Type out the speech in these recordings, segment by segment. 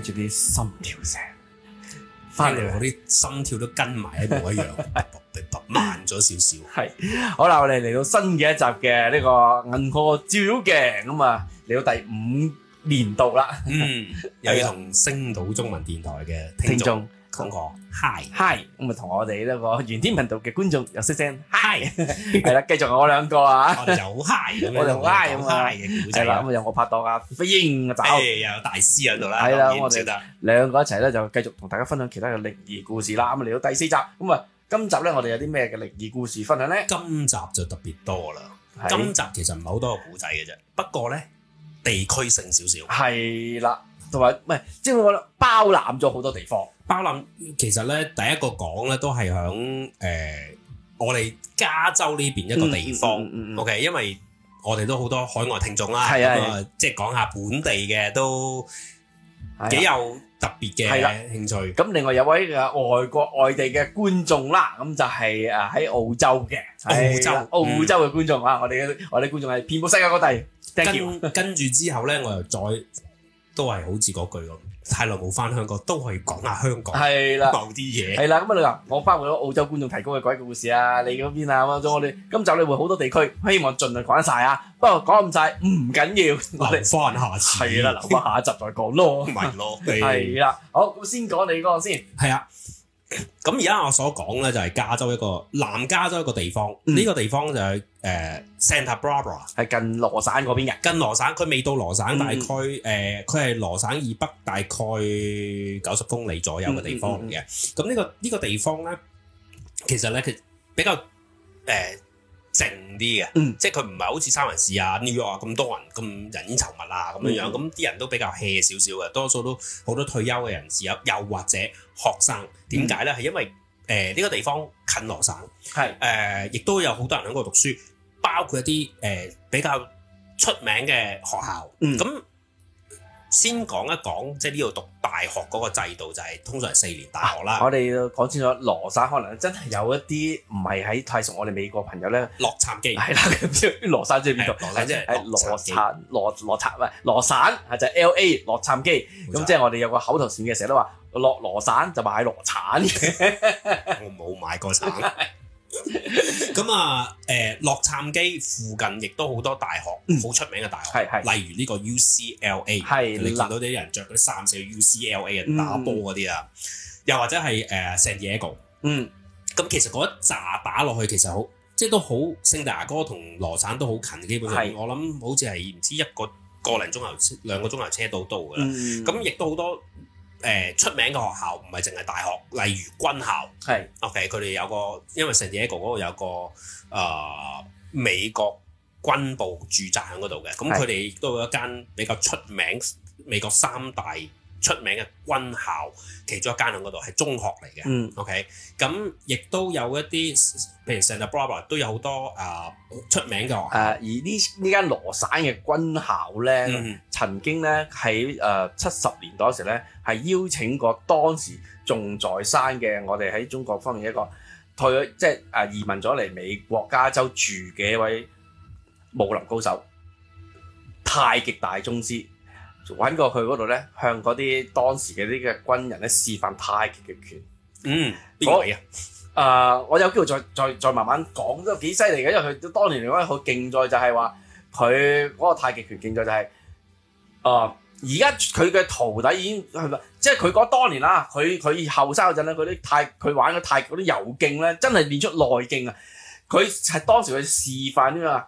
住啲心跳聲，翻嚟我啲心跳都跟埋喺度一樣， 慢咗少少。係 好啦，我哋嚟到新嘅一集嘅呢個銀河照妖鏡，咁啊嚟到第五年度啦， 嗯，又要同星島中文電台嘅聽眾。聽眾同我嗨嗨，咁同我哋呢個玄天頻道嘅觀眾又識聲嗨係啦，繼 續我兩個啊， 我就好嗨，我哋好嗨嘅古仔，咁有我拍檔啊？飛鷹仔，有，有又有大師喺度啦，係啦，我哋兩個一齊咧就繼續同大家分享其他嘅靈異故事啦，咁啊嚟到第四集，咁啊今集咧我哋有啲咩嘅靈異故事分享咧？今集就特別多啦，今集其實唔係好多古仔嘅啫，不過咧地區性少少，係啦。同埋，唔係，即係我包攬咗好多地方。包攬其實咧，第一個講咧都係響誒，我哋加州呢邊一個地方。嗯嗯嗯、OK，因為我哋都好多海外聽眾啦，咁、嗯、啊，即係講下本地嘅都幾有特別嘅興趣。咁另外有位誒外國外地嘅觀眾啦，咁就係誒喺澳洲嘅澳洲嘅、嗯、澳洲嘅觀眾啊！我哋嘅我哋觀眾係遍佈世界各地。跟跟住之後咧，我又再。都係好似嗰句咁，太耐冇翻香港，都可以講下香港，係啦，某啲嘢，係啦。咁啊，嗱，我翻回澳洲觀眾提供嘅鬼故事啊，你嗰邊啊，咁我哋今集你會好多地區，希望盡量講得晒啊。不過講唔晒唔緊要，我哋翻下，係啦，留翻下一集再講咯，咪咯，係啦。好，咁先講你嗰個先，係啊。咁而家我所講呢，就係加州一個南加州一個地方，呢、嗯呢個地方就係、是、誒、呃、Santa Barbara，係近羅省嗰邊嘅，近羅省，佢未到羅省、嗯，大概誒，佢係羅省以北大概九十公里左右嘅地方嘅。咁、嗯、呢、嗯嗯呢個呢、呢個地方呢，其實呢，佢比較誒。呃靜啲嘅、嗯，即係佢唔係好似三藩市啊、New York 啊咁多人、咁人煙稠密啊咁樣咁啲、嗯、人都比較 hea 少少嘅，多數都好多退休嘅人士，又或者學生。點解呢？係、嗯、因為誒呢、呃呢個地方近羅省，係誒亦都有好多人喺度讀書，包括一啲誒、呃、比較出名嘅學校。咁、嗯。先講一講，即係呢度讀大學嗰個制度、就係，就係通常四年大學啦、啊。我哋講清楚，羅省可能真係有一啲唔係喺泰熟。是是我哋美國朋友咧。洛杉磯係啦，羅省即係邊度？羅即係羅洛羅羅羅產喂，羅省係就係、L A 洛杉磯。咁即係我哋有個口頭禪嘅，成日都話落羅省就買羅產。 我冇買過產。 咁 啊，落洛杉磯附近亦都好多大學，好、嗯、出名嘅大學，嗯、例如呢個 UCLA，你見到啲人着嗰啲衫成 UCLA 嘅打波嗰啲啊，又或者係誒 San Diego 嗯，咁、嗯、其實嗰一紮打落去其實好，即係都好，聖地牙哥同羅省都好近，基本上我諗好似係唔知一個一個零鐘頭、兩個鐘頭車到到㗎啦，咁亦都好多。誒出名嘅學校唔係淨係大學，例如軍校。係，OK，佢哋有個，因為成日喺嗰個有個誒美國軍部駐紮喺嗰度嘅，咁佢哋都有一間比較出名美國三大。出名嘅軍校其中一間響嗰度係中學嚟嘅、嗯、OK，咁亦都有一啲，譬如 Santa Barbara 都有好多誒、呃、出名嘅誒、呃，而呢呢間羅省嘅軍校咧、嗯，曾經咧喺誒七十年代嗰時咧，係邀請過當時仲在生嘅我哋喺中國方面一個退咗即係誒移民咗嚟美國加州住嘅一位武林高手、太極大宗師。揾過去嗰度咧，向嗰啲當時嘅啲嘅軍人咧示範太極嘅拳。嗯，啊、呃，我有機會再再再慢慢講，都幾犀利嘅，因為佢當年嚟講咧，佢競賽就係話佢嗰個太極拳競賽就係，是，誒、呃，而家佢嘅徒弟已經係咪？即係佢嗰當年啦，佢佢後生嗰陣咧，佢啲太佢玩嘅太極嗰啲柔勁咧，真係練出內勁啊！佢係當時佢示範啊，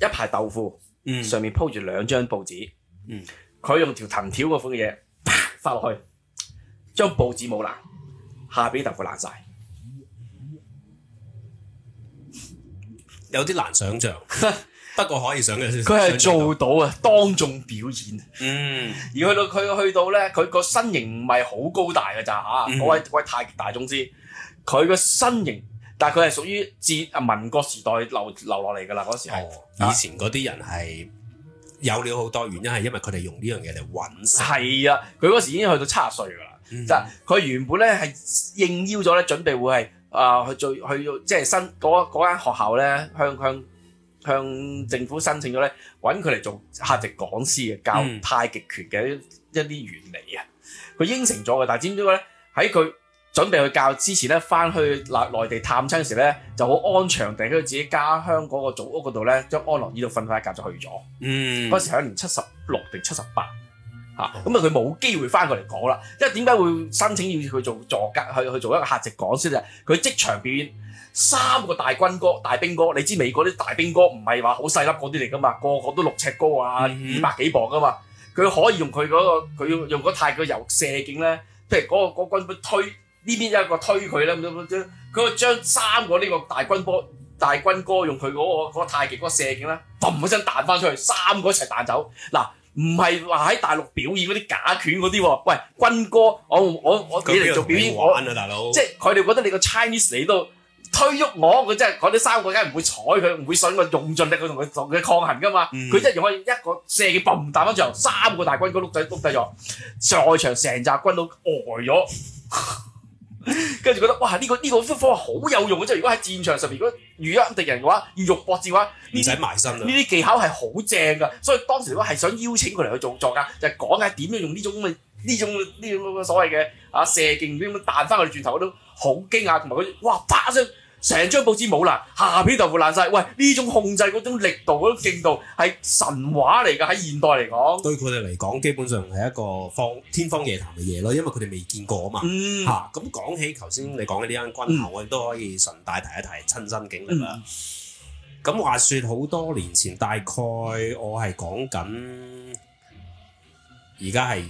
一排豆腐，嗯，上面鋪住兩張報紙，嗯。佢用條藤條嗰款嘅嘢，啪發落去，將報紙冇爛，下邊豆腐爛晒。有啲難想象。 不過可以想象，佢係做到啊！當眾表演，嗯。而去到佢去到呢，佢個身形唔係好高大嘅咋吓，嗰、嗯、位位太極大宗師，佢個身形，但係佢係屬於自民國時代留留落嚟嘅啦嗰時候、哦、以前嗰啲人係。有了好多原因係因為佢哋用呢樣嘢嚟揾食。係啊，佢嗰時已經去到七十歲㗎啦，嗯。就係、是、佢原本咧係應邀咗咧，準備會係啊、呃、去做去要即係新嗰嗰間學校咧向向向政府申請咗咧揾佢嚟做客席講師嘅教太極拳嘅一啲原理啊。佢、嗯、應承咗嘅，但係知唔知咧喺佢？在他準備去教之前咧，翻去內地探親時咧，就好安詳地喺佢自己家鄉嗰個祖屋嗰度咧，將安樂椅度瞓翻一覺就去咗。嗯，嗰時係年七十六定七十八吓，咁啊佢冇機會翻過嚟講啦。因為點解會申請要佢做座格？去去做，做，做一個客席講先？就佢職場邊三個大軍哥、大兵哥，你知美國啲大兵哥唔係話好細粒嗰啲嚟噶嘛？個個都六尺高啊，五、嗯、百幾磅噶嘛。佢可以用佢嗰、嗰個，佢用嗰太過游射徑咧，譬如嗰、那個嗰軍、那個那個那個、推。呢邊一個推佢啦，咁樣將佢三個呢個大軍波，大軍哥用佢嗰、嗰個嗰個太極嗰、嗰個射箭咧，嘣一聲彈翻出去，三個一齊彈走。嗱，唔係話喺大陸表演嗰啲假拳嗰啲。喂，軍哥，我我我佢哋做表演，啊、我大佬，即係佢哋覺得你個 Chinese 嚟到推喐我，佢真係嗰啲三個梗係唔會睬佢，唔會想我用盡力去同佢同佢抗衡噶嘛。佢、嗯、一用佢一個射箭嘣彈翻場，三個大軍哥碌仔碌低咗，在場成紮軍佬呆咗。跟住覺得哇！呢、這個呢、這個方法好有用啊！即係如果喺戰場上面，如果遇一敵人嘅話，要肉搏戰嘅話，唔使埋身啦。呢啲技巧係好正㗎，所以當時我係想邀請佢嚟去做作家，就係、是、講下點樣用呢種咁嘅呢種呢種所謂嘅啊射箭咁樣彈翻去轉頭嗰種好驚啊同埋嗰啲哇花式。啪成張報紙冇啦，下片豆腐爛晒。喂，呢種控制嗰種力度嗰種勁度係神話嚟㗎，喺現代嚟講。對佢哋嚟講，基本上係一個方天方夜譚嘅嘢咯，因為佢哋未見過啊嘛。嚇、嗯，咁、啊、講起頭先你講嘅呢間軍校，我哋都可以順帶提一提親身經歷啦。咁、嗯、話說好多年前，大概我係講緊，而家係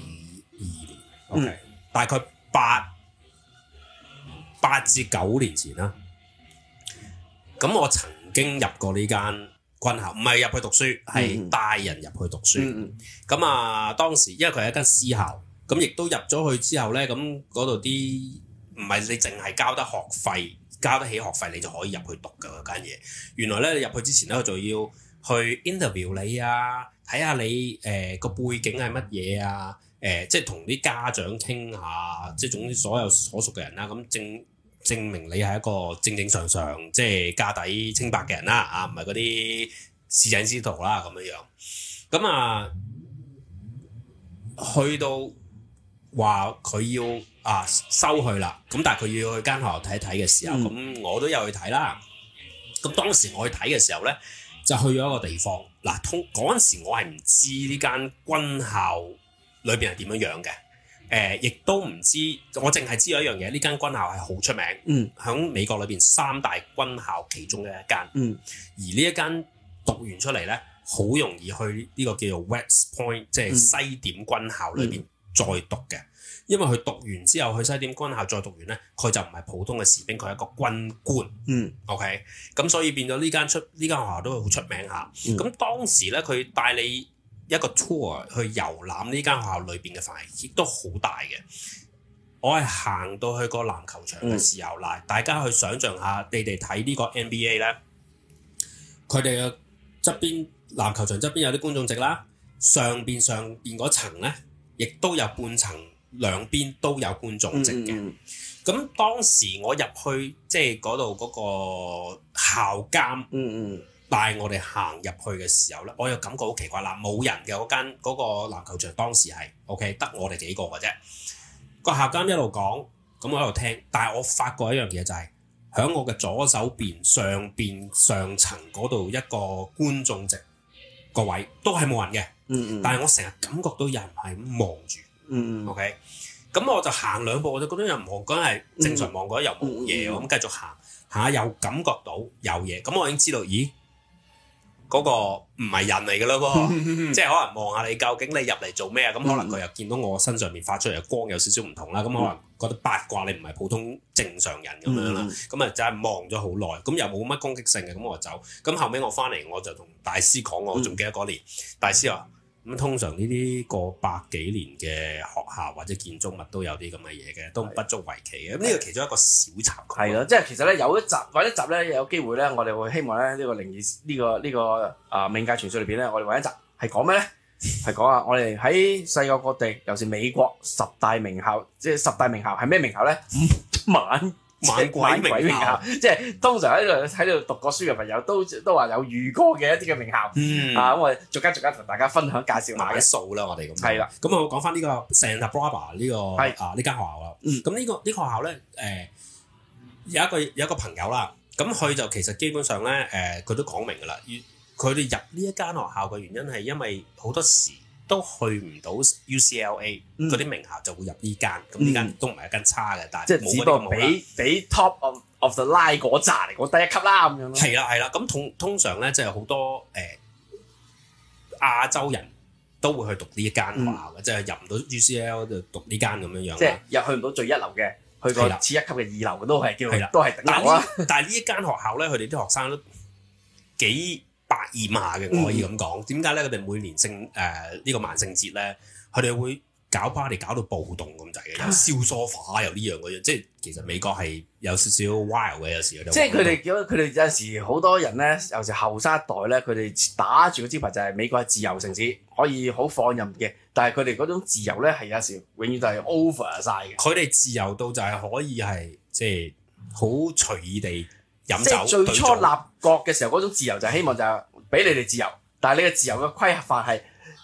二年，嗯，okay, 大概八八至九年前啦。咁我曾經入過呢間軍校，唔係入去讀書，係帶人入去讀書。咁、嗯、啊，當時因為佢係一間私校，咁亦都入咗去之後呢，咁嗰度啲唔係你淨係交得學費，交得起學費，你就可以入去讀㗎。嗰間嘢。原來呢你入去之前咧，就要去 interview 你啊，睇下你誒個、呃、背景係乜嘢啊，呃、即係同啲家長傾下，即係總之所有所屬嘅人啦、啊。咁正。證明你係一個正正常常，即係家底清白嘅人啦，啊，唔係嗰啲市井之徒啦，咁樣樣。咁啊，去到話佢要啊收佢啦，咁但係佢要去間學校睇一睇嘅時候，咁、嗯、我都有去睇啦。咁當時我去睇嘅時候呢，就去咗一個地方。嗱，通嗰陣時我係唔知呢間軍校裏邊係點樣樣嘅。誒，亦都唔知，我淨係知有一樣嘢，呢間軍校係好出名，喺、嗯、美國裏面三大軍校其中嘅一間。嗯、而呢一間讀完出嚟呢，好容易去呢個叫做 West Point，即係西點軍校裏面再讀嘅，因為佢讀完之後去西點軍校再讀完呢，佢就唔係普通嘅士兵，佢係一個軍官。嗯，OK，咁所以變咗呢間出呢間學校都好出名下。咁、嗯、當時呢，佢帶你。一個 tour 去遊覽呢間學校裏邊嘅範圍亦都好大嘅。我係行到去個籃球場嘅時候啦，嗯，大家去想象下，你哋睇呢個 NBA 呢，佢哋嘅側邊籃球場側邊有啲觀眾席啦，上邊上邊嗰層呢，亦都有半層，兩邊都有觀眾席嘅。咁當時我入去即係嗰度嗰個校監，嗯嗯。帶我哋行入去嘅時候咧，我又感覺好奇怪啦！冇人嘅嗰間嗰個籃球場當時係 OK，得我哋幾個嘅啫。個下監一路講，咁我喺度聽，但係我發覺一樣嘢就係，喺我嘅左手邊上邊上層嗰度一個觀眾席個位都係冇人嘅、嗯嗯。但係我成日感覺到人係咁望住。OK，咁我就行兩步，我就覺得人唔係咁係正常望嗰啲、嗯、又冇嘢，咁、嗯嗯、繼續行吓又感覺到有嘢，咁我已經知道，咦～嗰、那個唔係人嚟嘅咯喎， 即係可能望下你究竟你入嚟做咩啊？咁可能佢又見到我身上面發出嚟嘅光有少少唔同啦，咁可能覺得八卦你唔係普通正常人咁樣啦，咁 啊就係望咗好耐，咁又冇乜攻擊性嘅，咁我就走，咁後尾我翻嚟，我就同大師講，我仲記得嗰年， 大師話。咁通常呢啲過百幾年嘅學校或者建築物都有啲咁嘅嘢嘅，都不足為奇嘅。咁呢個其中一個小插曲。係咯，即係其實咧有一集或者一集咧有機會咧，我哋會希望咧呢、呢個靈異、呢個呢個呃、呢個呢個啊冥界傳說裏邊咧，我哋揾一集係講咩咧？係 講啊，我哋喺世界各地，尤其是美國十大名校，即係十大名校係咩名校咧？ 晚猛鬼名校，即係、就是、通常喺度喺度讀過書嘅朋友都都話有遇過嘅一啲嘅名校，嗯、啊咁我逐間逐間同大家分享介紹埋啲數啦，我哋咁係啦。咁我講翻呢個 Santa Barbara 呢個、這個、啊呢間、這個、學校啦。咁、嗯、呢、這個呢、這個、學校咧，誒、呃、有一個有一個朋友啦，咁佢就其實基本上咧，誒、呃、佢都講明噶啦，佢哋入呢一間學校嘅原因係因為好多時。都去唔到 UCLA 嗰、嗯、啲名校就會入呢間，咁呢間都唔係一間差嘅、嗯，但係即係只不過比比 top of of the line 嗰扎嚟，講低一級啦咁樣咯。係啦係啦，咁通通常咧即係好多誒亞、呃、洲人都會去讀呢間學校嘅，即、嗯、係、就是、入唔到 UCLA 就讀呢間咁樣樣。即係又去唔到最一流嘅，去個次一級嘅二流嘅都係叫啦，都係但係呢一間學校咧，佢哋啲學生都幾。二嘛嘅，我可以咁講。點解咧？佢哋每年聖誒、呃這個、呢個萬聖節咧，佢哋會搞 party 搞到暴動咁滯嘅，又燒梳化，又呢樣嗰樣。即係其實美國係有少少 wild 嘅，有時都即係佢哋，佢哋有時好多人咧，有時後生一代咧，佢哋打住個招牌就係美國係自由城市，可以好放任嘅。但係佢哋嗰種自由咧，係有時永遠都係 over 晒嘅。佢哋自由到就係可以係即係好隨意地飲酒。最初立國嘅時候嗰、嗯、種自由就係希望就係，俾你哋自由，但係呢個自由嘅規範係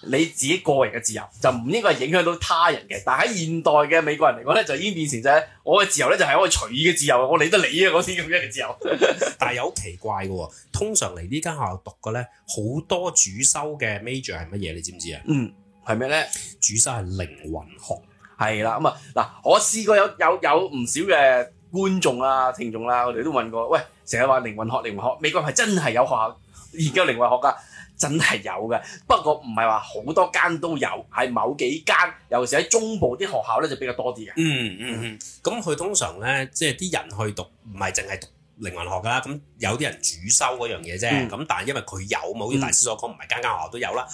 你自己個人嘅自由，就唔應該影響到他人嘅。但係喺現代嘅美國人嚟講呢，就已經變成，就我嘅自由呢，就係可以隨意嘅自由，我理得你啊嗰啲咁樣嘅自由。 但係有奇怪嘅，通常嚟呢間學校讀嘅呢，好多主修嘅 major 係乜嘢？你知唔知啊？嗯，係咩呢？主修係靈魂學。係啦，咁啊嗱，我試過有有有唔少嘅觀眾啦、啊、聽眾啦、啊，我哋都問過，喂，成日話靈魂學、靈魂學，美國係真係有學校？而家靈異學家真係有嘅，不過唔係話好多間都有，係某幾間，尤其是喺中部啲學校呢，就比較多啲嘅。嗯嗯，咁佢通常呢，即係啲人去讀，唔係淨係讀。靈魂學噶啦，咁有啲人主修嗰樣嘢啫。咁、嗯、但係因為佢有，冇好似大師所講，唔係間間學校都有啦。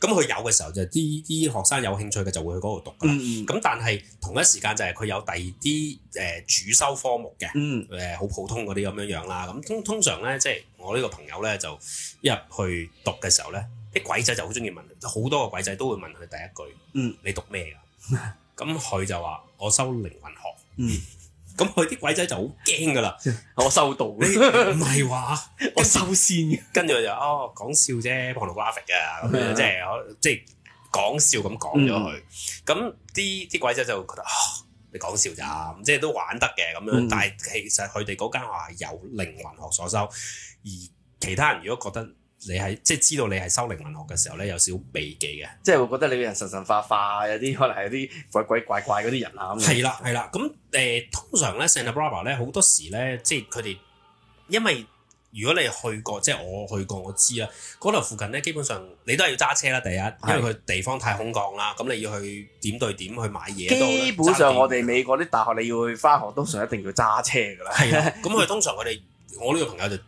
咁佢有嘅時候，就啲啲學生有興趣嘅就會去嗰度讀噶啦。咁、嗯嗯、但係同一時間就係佢有第二啲主修科目嘅，好、嗯、普通嗰啲咁樣樣啦。咁通通常咧，即、就、係、是、我呢個朋友咧，就一入去讀嘅時候咧，啲鬼仔就好中意問，好多個鬼仔都會問佢第一句：嗯、你讀咩？咁 佢就話：我修靈魂學。嗯咁佢啲鬼仔就好驚噶啦，我收到嘅，唔係話我收線嘅，跟住就哦講笑啫，旁路瓜揈啊咁樣，即係即係講笑咁講咗佢。咁啲啲鬼仔就覺得、哦、你講笑咋，即係都玩得嘅咁樣、嗯、但係其實佢哋嗰間學校有靈魂學所收，而其他人如果覺得。你係即係知道你係修靈文學嘅時候咧，有少少避忌嘅，即係會覺得你個人神神化化，有啲可能係啲鬼鬼怪怪嗰啲人啊咁。係 啦，係啦，咁、呃、通常咧，Santa Barbara 咧好多時咧，即係佢哋因為如果你去過，即係我去過，我知啦，嗰度附近咧基本上你都係要揸車啦，第一，因為佢地方太空曠啦，咁你要去點對點去買嘢。基本上我哋美國啲大學你要去翻學，通常一定要揸車噶啦。係，咁佢通常佢哋我哋我呢個朋友就。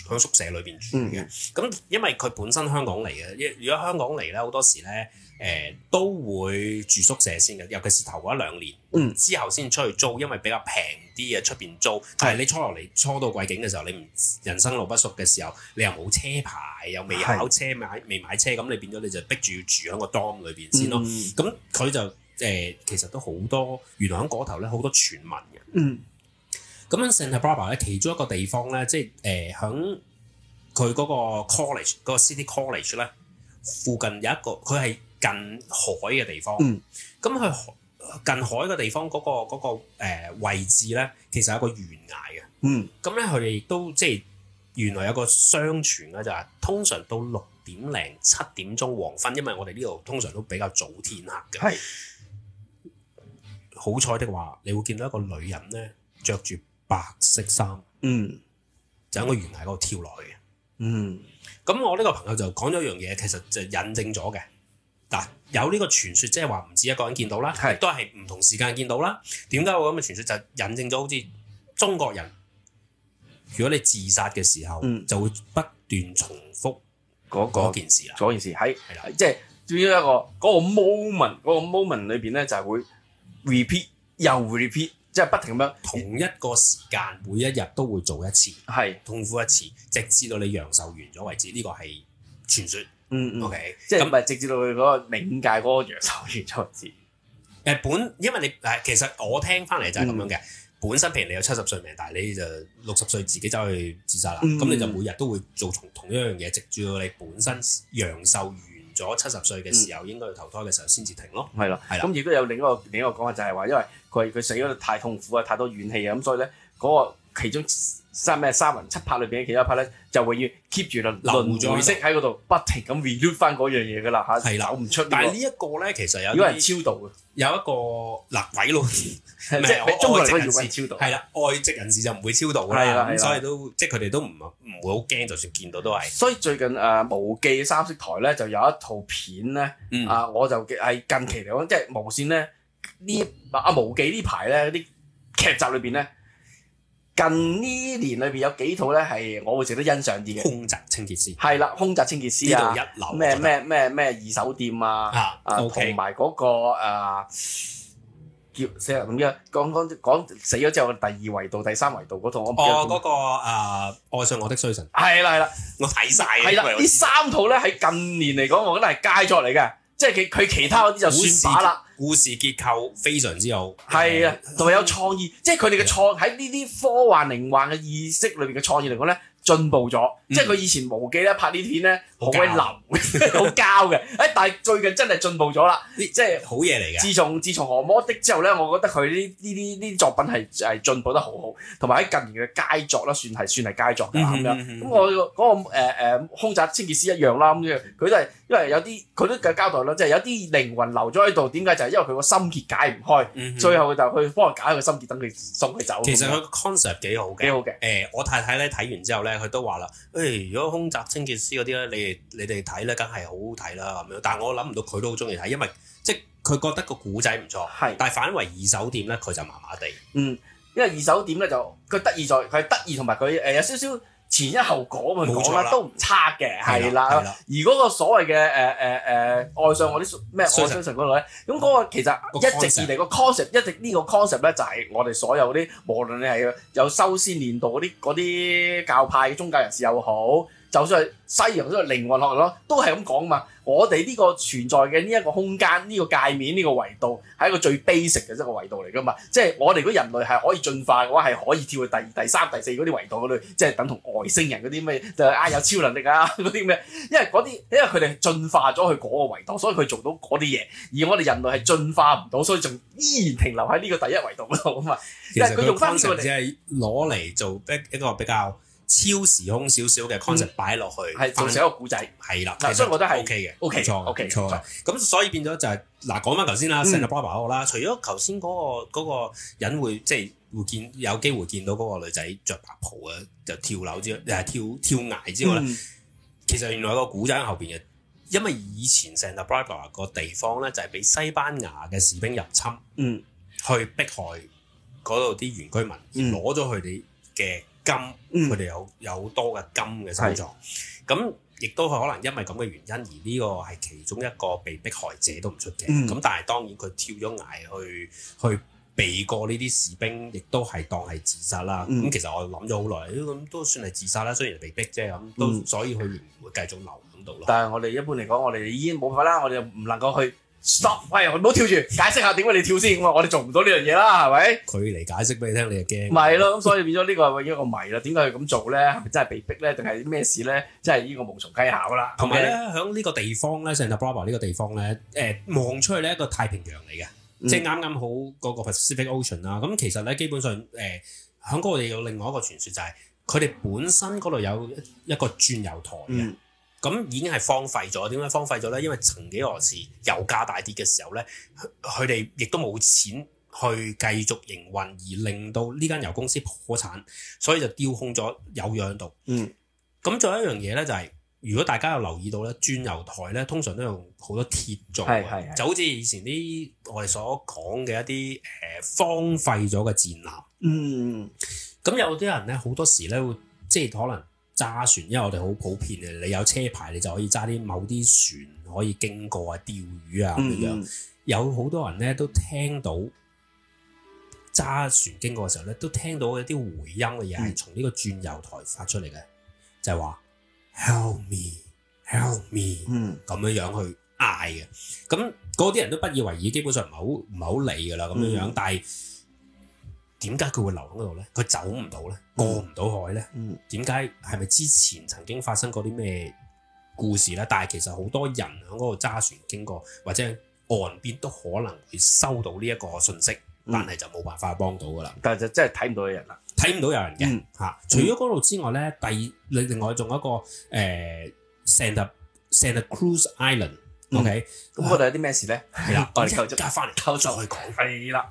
住喺宿舍裏邊住嘅，咁因為佢本身香港嚟嘅，因如果香港嚟咧，好多時呢誒、呃、都會住宿舍先嘅，尤其是頭嗰一兩年，嗯、之後先出去租，因為比較平啲嘅出邊租。是但係你初落嚟，初到貴境嘅時候，你唔人生路不熟嘅時候，你又冇車牌，又未考車買，未買車，咁你變咗你就逼住要住喺個 dorm 裏邊先咯。咁、嗯、佢就誒、呃，其實都好多原來喺嗰頭咧好多傳聞嘅。嗯咁樣 Santa Barbara 咧，其中一個地方咧，即係誒，響佢嗰個 college、嗰個 city college 咧，附近有一個，佢係近海嘅地方。咁、嗯、佢近海嘅地方嗰個嗰個呃位置咧，其實有一個懸崖嘅。嗯，咁咧佢哋都即係原來有個相傳咧，就係通常到六點零七點鐘黃昏，因為我哋呢度通常都比較早天黑嘅。係，好彩的話，你會見到一個女人咧，着住，白色衫，嗯，就喺個懸崖嗰度跳落去嘅，嗯，咁我呢個朋友就講咗一樣嘢，其實就印證咗嘅。嗱，有呢個傳說，即係話唔止一個人見到啦，都係唔同時間見到啦。點解會咁嘅傳說就引？就印證咗好似中國人，如果你自殺嘅時候、嗯，就會不斷重複嗰、嗰個、件事啦，嗰件事係，即係對於一個嗰、嗰個 moment，嗰個 moment 裏邊咧就係、是、會 repeat 又 repeat。即係不停咁樣，同一個時間，每一日都會做一次，係痛苦一次，直至到你陽壽完咗為止。呢個係傳說。嗯，嗯 OK，即係咁咪，直至到佢嗰個冥界嗰個陽壽完咗為止。誒，本因為你誒，其實我聽翻嚟就係咁樣嘅、嗯。本身，譬如你有七十歲命，但係你就六十歲自己走去自殺啦。咁、嗯、你就每日都會做同同一樣嘢，直至到你本身陽壽完咗七十歲嘅時候，應該要投胎嘅時候先至停咯。係啦，係啦。咁亦都有另一個另一個講法，就係話，因為佢佢死得太痛苦啊，太多怨氣啊，咁所以咧嗰個。其中三咩三文七拍裏邊嘅其他一拍咧就永遠 keep 住啦，輪迴式喺嗰度不停咁 reboot 翻嗰樣嘢噶啦，係啦，我唔出、這個。但呢一個咧，其實有啲超度嘅，有一個嗱、呃、鬼佬， 即係中國籍人士超度。係啦，外籍人士就唔會超度啦。係啦，咁所以都，所以都即係佢哋都唔唔會好驚，就算見到都係。所以最近誒無、啊、記三色台咧就有一套片咧、嗯，啊我就、哎、近期嚟講，即係無線咧呢，阿無記呢排咧啲劇集裏面咧。近呢年裏邊有幾套咧係我會值得欣賞啲嘅。空宅清潔師係啦，空宅清潔師啊，咩咩咩咩二手店啊，啊同埋嗰個誒叫、啊、死六咁樣講講講死咗之後第二維度、第三維度嗰套，oh, 我唔記得嗰個誒愛、啊、上我的衰神係啦係啦，我睇晒係啦。呢三套咧喺近年嚟講，我覺得係佳作嚟嘅，即係佢佢其他嗰啲就算把啦。故事結構非常之好，係啊，同埋有創意，係啊、即係佢哋嘅創喺呢啲科幻靈幻嘅意識裏邊嘅創意嚟講咧，進步咗，嗯、即係佢以前無記咧拍這呢啲片咧。好鬼流，好膠嘅。誒， 但係最近真係進步咗啦， 即係好嘢嚟嘅。自從自從何魔的之後咧，我覺得佢呢呢啲呢作品係係進步得好好，同埋喺近年嘅佳作啦，算係算係佳作㗎咁樣。咁我嗰個誒空、那個呃呃、凶宅清潔師一樣啦，咁樣佢都係因為有啲佢都嘅交代啦，即、就、係、是、有啲靈魂留咗喺度，點解就係因為佢個心結解唔開、嗯，最後就去幫佢解下個心結，等佢送佢走。其實佢 concept 幾好嘅，幾好嘅。誒、欸，我太太咧睇完之後咧，佢都話啦：誒、欸，如果凶宅清潔師嗰啲咧，你。你哋睇咧，梗係好好睇啦咁樣，但係我諗唔到佢都好中意睇，因為即係佢覺得個古仔唔錯，係，但反為二手店咧，佢就麻麻地，嗯，因為二手店咧就佢得意在佢得意同埋佢誒有少少前因後果冇錯啦，都唔差嘅，係啦，而嗰個所謂嘅誒誒誒愛上我啲咩愛上城嗰度咧，咁、嗰、嗰個其實一直嚟、嗰個 concept 一直呢個 concept 咧，就係我哋所有嗰啲無論你係有修仙練道啲嗰啲教派宗教人士又好。就算係西洋都係靈魂落咯，都係咁講嘛！我哋呢個存在嘅呢一個空間、呢個界面、呢個維度，係一個最 basic 嘅一個維度嚟噶嘛！即係我哋如果人類係可以進化嘅話，係可以跳去第第三、第四嗰啲維度嗰度，即係等同外星人嗰啲咩，就係啊有超能力啊嗰啲咩？因為嗰啲因為佢哋進化咗去嗰個維度，所以佢做到嗰啲嘢。而我哋人類係進化唔到，所以仲依然停留喺呢個第一維度度啊嘛！其實佢用翻成只係攞嚟做一個比較超時空少少嘅 concept 擺落去，係、嗯，是做成一個古仔，係啦。所以我得係 OK 嘅，OK，唔錯，OK，唔錯。咁、OK, 所以變咗就係、是、嗱，講翻頭先啦，聖塔巴 r 嗰個啦。除咗頭先嗰個嗰個人會即係、就是、會見有機會見到嗰個女仔着白袍嘅就跳樓之，誒跳跳崖之外，嗰、嗯、咧，其實原來那個古仔喺後邊嘅，因為以前成聖塔 r 巴個地方咧就係俾西班牙嘅士兵入侵，嗯，去迫害嗰度啲原居民，攞咗佢哋嘅。金，佢、嗯、哋有有很多嘅金嘅製造，咁亦都佢可能因為咁嘅原因，而呢個係其中一個被迫害者都唔出奇，咁、嗯、但係當然佢跳咗崖去去避過呢啲士兵，亦都係當係自殺啦。咁、嗯、其實我諗咗好耐，咁、哎、都算係自殺啦，雖然係被逼啫咁，都、嗯、所以佢唔會繼續留喺度咯。但係我哋一般嚟講，我哋已經冇法啦，我哋又唔能夠去。Stop，喂，唔好跳住，解釋下點解你跳先？我我哋做唔到呢樣嘢啦，係咪？佢嚟解釋俾你聽，你就驚？咪 咯，咁所以變咗呢個係一個謎啦。點解佢咁做咧？係咪真係被逼咧？定係咩事咧？即係呢個無從稽考啦。同埋咧，喺呢個地方咧，Santa Barbara 呢個地方咧，望、呃、出去咧，一個太平洋嚟嘅，即係啱啱好嗰、那個 Pacific Ocean 啦。咁其實咧，基本上誒，喺嗰度有另外一個傳說就係佢哋本身嗰度有一個鑽油台嘅。嗯咁已經係荒廢咗，點解荒廢咗呢？因為曾幾何時，油價大跌嘅時候呢，佢哋亦都冇錢去繼續營運，而令到呢間油公司破產，所以就調控咗有氧度。嗯，咁仲有一樣嘢呢，就係如果大家有留意到呢鑽油台呢，通常都用好多鐵做，係係係就好似以前啲我哋所講嘅一啲誒、呃、荒廢咗嘅戰艦。嗯，咁有啲人呢，好多時呢，會即係可能。揸船，因為我哋好普遍嘅，你有車牌，你就可以揸啲某啲船可以經過啊，釣魚啊咁樣。Mm -hmm. 有好多人咧都聽到揸船經過嘅時候咧，都聽到一啲回音嘅嘢係從呢個轉油台發出嚟嘅，就係、是、話 Help me, help me，咁、mm、樣 -hmm. 樣去嗌嘅。咁嗰啲人都不以為意，基本上唔係好唔係好理噶啦，咁、mm、樣 -hmm. 樣，但係。點解佢會留喺嗰度咧？佢走唔到咧，過唔到海咧？點解係咪之前曾經發生過啲咩故事咧？但係其實好多人喺嗰度揸船經過，或者岸邊都可能會收到呢一個信息，嗯、但係就冇辦法幫到噶啦。但係就真係睇唔到有人啦，睇唔到有人嘅吓、嗯啊。除咗嗰度之外咧，第另另外仲有一個誒、呃、Santa Santa Cruz Island，OK，、嗯 okay? 咁我哋有啲咩事咧？係、啊、啦，我哋今日翻嚟偷走去講，係啦。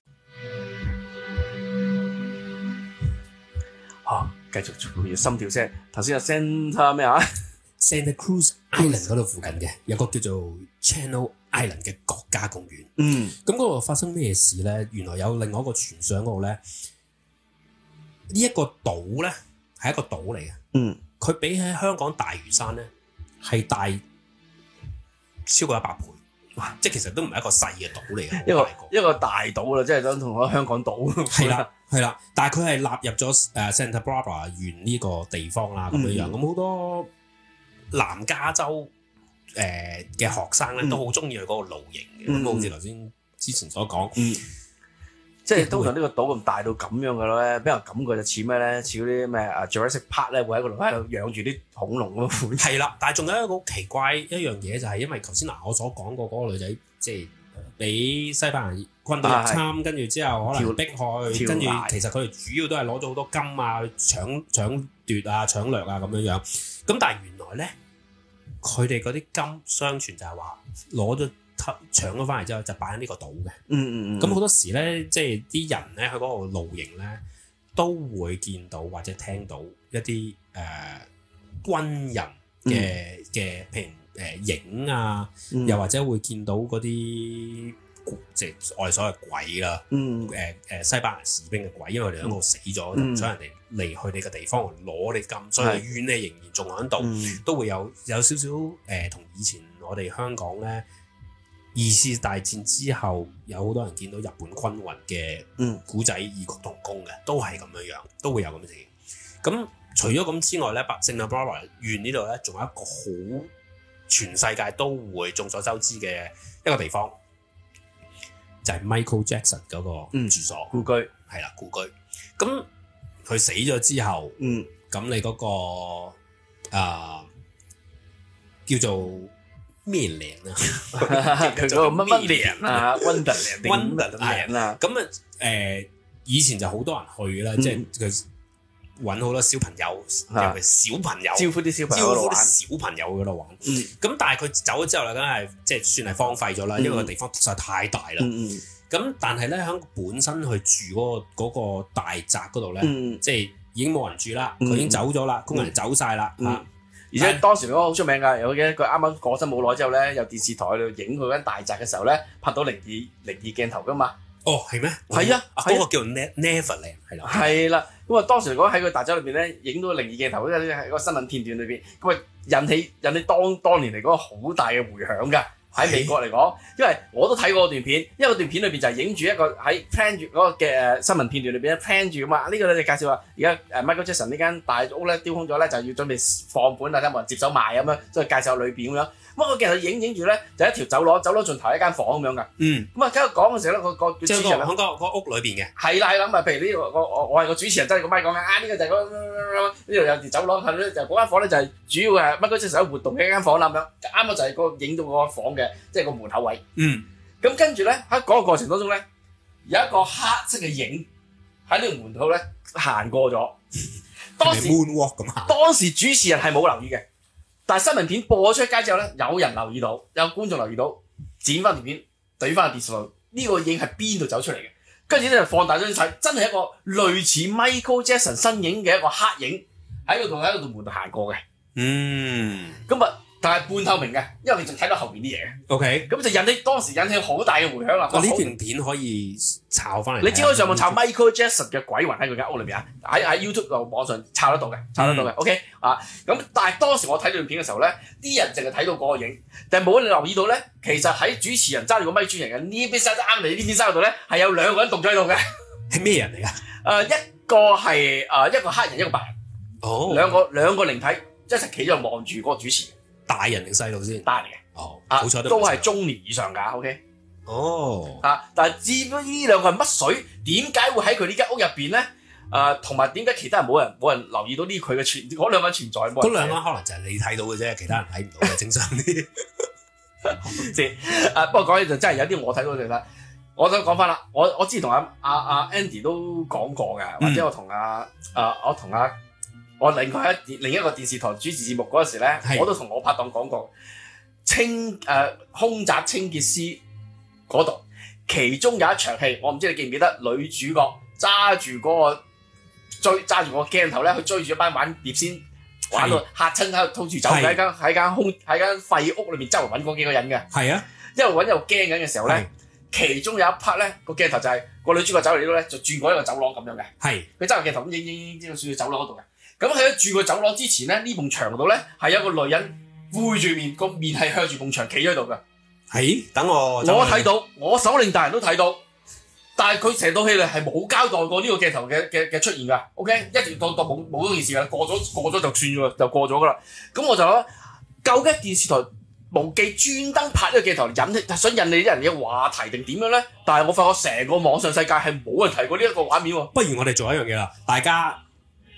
哦、啊，繼續穿心跳聲。頭先有 Santa 咩啊？Santa Cruz Island 嗰度附近嘅有個叫做 Channel Island 嘅國家公園。嗯，咁嗰度發生咩事咧？原來有另外一個船上嗰度咧，這個、呢一個島咧係一個島嚟嘅。嗯，佢比起香港大嶼山咧，係大超過一百倍。即係其實都唔係一個細嘅島嚟嘅，一個一個大島啦，即係想同我香港島。係、嗯、啦。 係啦，但係佢係納入咗 Santa Barbara 園，呢個地方啦，咁、嗯、樣樣，咁好多南加州嘅學生咧，都好中意佢嗰個露營嘅。咁好似頭先之前所講，嗯，即係通常呢個島咁大到咁樣嘅咧，比較感覺就似咩咧？似嗰啲咩啊 Jurassic Park 咧，會喺個度喺度養住啲恐龍咁。係啦， 但係仲有一個好奇怪一樣嘢，就係、是、因為頭先嗱我所講過嗰個女仔，即係俾西班牙。分跟住之後，可能要逼佢，跟住其實佢哋主要都係攞咗好多金啊，搶搶奪啊、搶掠啊咁樣、啊、樣。咁但係原來咧，佢哋嗰啲金相傳就係話攞咗偷搶咗翻嚟之後，就擺喺呢個島嘅。嗯嗯咁、嗯、好多時咧，即係啲人咧喺嗰個露營咧，都會見到或者聽到一啲誒、呃、軍人嘅嘅譬誒影啊、嗯，又或者會見到嗰啲。即、就、係、是、我哋所謂鬼啦，誒、嗯、誒西班牙士兵嘅鬼，因為佢哋喺度死咗、嗯嗯，所以人哋離去你嘅地方攞你金，所以怨呢，仍然仲喺度，都會有有少少誒，同、呃、以前我哋香港咧二次大戰之後，有好多人見到日本軍魂嘅古仔，異曲同工嘅，都係咁樣樣，都會有咁嘅事。咁除咗咁之外咧，巴聖地亞哥縣呢度咧，仲有一個好全世界都會眾所周知嘅一個地方。就係、是、Michael Jackson 嗰個住所故居，係啦，故居，咁佢死咗之後，嗯，咁你嗰、那個啊、呃、叫做咩名 人 啊？佢嗰個乜啊？温特陵、温特陵啊？咁啊？誒，以前就好多人去啦、嗯，即係佢。揾好多小朋友，尤其小朋友招呼啲小朋友，招呼啲小朋友去嗰度玩。咁、嗯、但係佢走咗之後咧，梗係即係算係荒廢咗啦、嗯，因為地方實在太大啦。咁、嗯、但係咧，喺本身去住嗰個大宅嗰度咧，即係已經冇人住啦，佢、嗯、已經走咗啦，工人走晒啦。而且當時嗰個好出名㗎，我記得佢啱啱過身冇耐之後咧，有電視台喺度影佢間大宅嘅時候咧，拍到靈異靈異鏡頭㗎嘛。哦、oh，係咩？係啊，嗰個叫 Neverland，係啦，係啦。咁啊，當，ne 啊啊啊當時嚟講喺個大洲裏面咧，影到靈異鏡頭，即係個個新聞片段裏面，咁啊引起引起當，當年嚟嗰個好大嘅迴響㗎。喺美國嚟講、啊，因為我都睇過段片，因為段片裏面就係影住一個喺 plan 住嗰個嘅新聞片段裏面，plan 住啊嘛。呢、這個你介紹話，而家 Michael Jackson 呢間大屋咧丟空咗咧，就要準備放盤大家冇人接手賣咁樣，所以介紹裏面咁樣。乜我其實影影住咧就一條走廊，走廊盡頭一間房咁樣噶。嗯。咁啊，喺佢講嘅時候咧，個、嗰個主持人好多、嗰個、屋裏邊嘅。係啦，咁啊、呢個，譬如呢個我我我係個主持人揸住個麥講啊呢、呢個就係、嗰個呢度有條走廊，後屘就嗰間房咧就係主要啊乜鬼出成喺活動嘅一間房啦咁樣。啱啱，就係個影到個房嘅即係個門口位。嗯。咁跟住咧喺嗰個過程當中咧有一個黑色嘅影喺呢個門口咧行過咗。當時主持人係冇留意嘅。但係新聞片播咗出街之後咧，有人留意到，有觀眾留意到，剪翻條片，對翻電視台，呢個影係邊度走出嚟嘅？跟住咧就放大張睇，真係一個類似 Michael Jackson 身影嘅一個黑影喺度同喺度門度行過嘅。嗯，咁啊。但係半透明嘅，因為你仲睇到後邊啲嘢。OK，咁就引起當時引起好大嘅回響啦。我、啊、呢、啊、段片可以抄翻嚟。你知可以上網抄 Michael、YouTube、Jackson 嘅《鬼魂》喺佢間屋裏邊啊，喺喺 YouTube 網上抄得到嘅，抄得到嘅、嗯。OK，啊，咁但係當時我睇段片嘅時候咧，啲人淨係睇到嗰個影，但係冇人留意到咧，其實喺主持人揸住個咪專人嘅呢邊山啱你呢邊山嗰度咧，係有兩個人動咗喺度嘅。係咩人嚟㗎？誒、呃、一個係誒、呃、一個黑人，一個白人，oh. 兩個兩個靈體一齊企咗望住嗰個主持人。大人定細路先？大人嘅、啊，哦，啊、好彩都係，都係中年以上噶，OK，哦、oh. 啊，啊，但係至於呢兩個係乜水，點解會喺佢呢間屋入邊咧？誒，同埋點解其他沒有人冇人冇人留意到呢？佢嘅存兩份存在，嗰兩份可能就係你睇到嘅啫、嗯，其他人睇唔到嘅， 正常啲一，唔、 啊、不過講起就真係有啲我睇到嘅啦，我想講翻啦，我我之前同阿阿阿 Andy 都講過嘅，或者我同阿誒我同阿、啊。我另外一另一個電視台主持節目嗰陣時咧，我都同我拍檔講過清誒空、呃、宅清潔師嗰度，其中有一場戲，我唔知你記唔記得，女主角揸住嗰個追揸住個鏡頭咧，去追住一班玩碟仙，玩到嚇親喺度拖住走喺間喺間空喺間廢屋裏面周圍揾嗰幾個人嘅。係啊，因為一路揾一路驚緊嘅時候咧，其中有一 part 咧、那個鏡頭就係、是那個女主角走嚟呢度咧，就轉過一個走廊咁樣嘅。係，佢揸住鏡頭咁影影影影到轉到走廊嗰度嘅。咁喺住個走廊之前呢，呢埲牆度呢，係有一個女人背住面，個面係向住埲牆企咗喺度嘅。係、欸，等我我睇到，我首領大人都睇到，但係佢成套戲呢，係冇交代過呢個鏡頭嘅嘅嘅出現噶。O K，一直當當冇冇件事噶啦，過咗過咗就算咗就過咗噶啦。咁我就諗，究竟電視台無記專登拍呢個鏡頭嚟引想引你啲人嘅話題定點樣呢？但係我發覺成個網上世界係冇人提過呢一個畫面喎。不如我哋做一樣嘢啦，大家。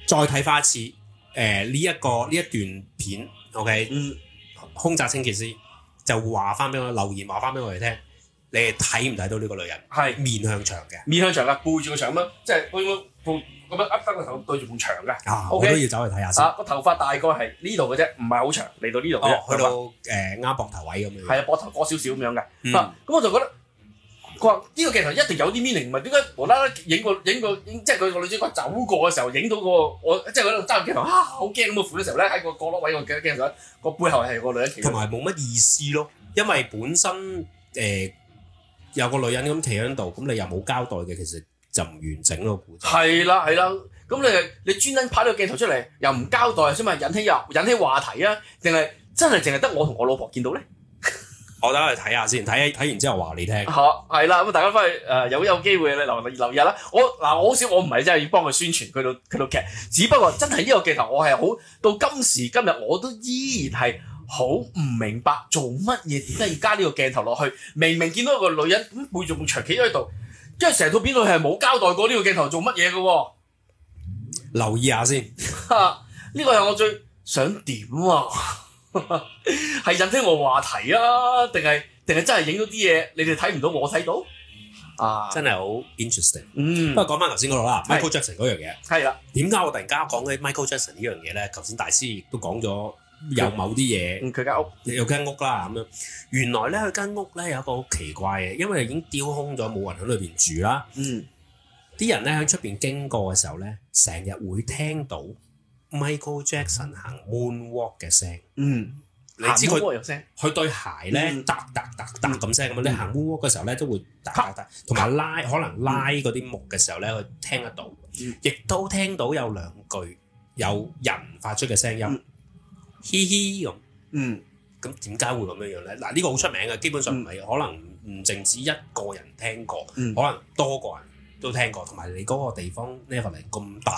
再睇翻一次，誒、呃、呢一,一個呢一段片，OK，凶、嗯、宅清潔師就話翻俾我，留言話翻俾我哋聽，你哋睇唔睇到呢個女人？係面向牆嘅，面向牆嘅，背住個牆咁樣，即係我應背咁樣噏翻個頭對住埲牆嘅。啊，okay，我都要走去睇下先。啊，個頭髮大概係呢度嘅啫，唔係好長，嚟到呢度，去、哦、到誒啱膊頭位咁樣。係啊，膊頭過少少咁樣嘅。咁、嗯啊、我就覺得。佢話：呢個鏡頭一定有啲 meaning，唔係點解無啦啦影個影個即係個女主角走過嘅時候拍、那個，影到個我即係喺度揸住鏡頭啊，好驚咁嘅款嘅時候咧，喺個角落位、個鏡鏡頭，個背後係個女人。同埋冇乜意思咯，因為本身誒、呃、有個女人咁企喺度，咁你又冇交代嘅，其實就唔完整咯個故。係啦係啦，咁你你專登拍呢個鏡頭出嚟，又唔交代先咪，想引起又引起話題啊？定係真係淨係得我同我老婆見到咧？我等我睇下先，睇睇完之後話你聽。吓係啦，咁大家翻去誒、呃，有有機會你留留意啦。我嗱，我好少，我唔係真係要幫佢宣傳佢套佢套劇，只不過真係呢個鏡頭我，我係好到今時今日，我都依然係好唔明白做乜嘢，點解要加呢個鏡頭落去？明明見到一個女人咁背住埲牆企咗喺度，因為成套片佢係冇交代過呢個鏡頭做乜嘢嘅。留意下先，呢、啊這個係我最想點啊！係 引起我話題啊？定係定係真係影咗啲嘢？你哋睇唔到，我睇到啊！真係好 interesting。嗯，不過講翻頭先嗰度啦，Michael Jackson 嗰樣嘢係啦。點解我突然間講起 Michael Jackson 呢樣嘢咧？頭先大師亦都講咗有某啲嘢。佢間屋有間屋啦，咁樣原來咧佢間屋咧有一個好奇怪嘅，因為已經丟空咗，冇人喺裏邊住啦。嗯，啲人咧喺出邊經過嘅時候咧，成日會聽到。Michael Jackson 行 moonwalk 嘅聲，嗯，你知佢佢對鞋咧嗒嗒嗒嗒咁聲咁樣，你行 moonwalk 嘅時候咧都會嗒嗒嗒，同埋拉可能拉嗰啲木嘅時候咧，佢聽得到，亦都聽到有兩句有人發出嘅聲音，嘻嘻咁，嗯，咁點解會咁樣樣咧？嗱，呢個好出名嘅，基本上唔係可能唔淨止一個人聽過，可能多個人都聽過，同埋你嗰個地方呢份量咁大。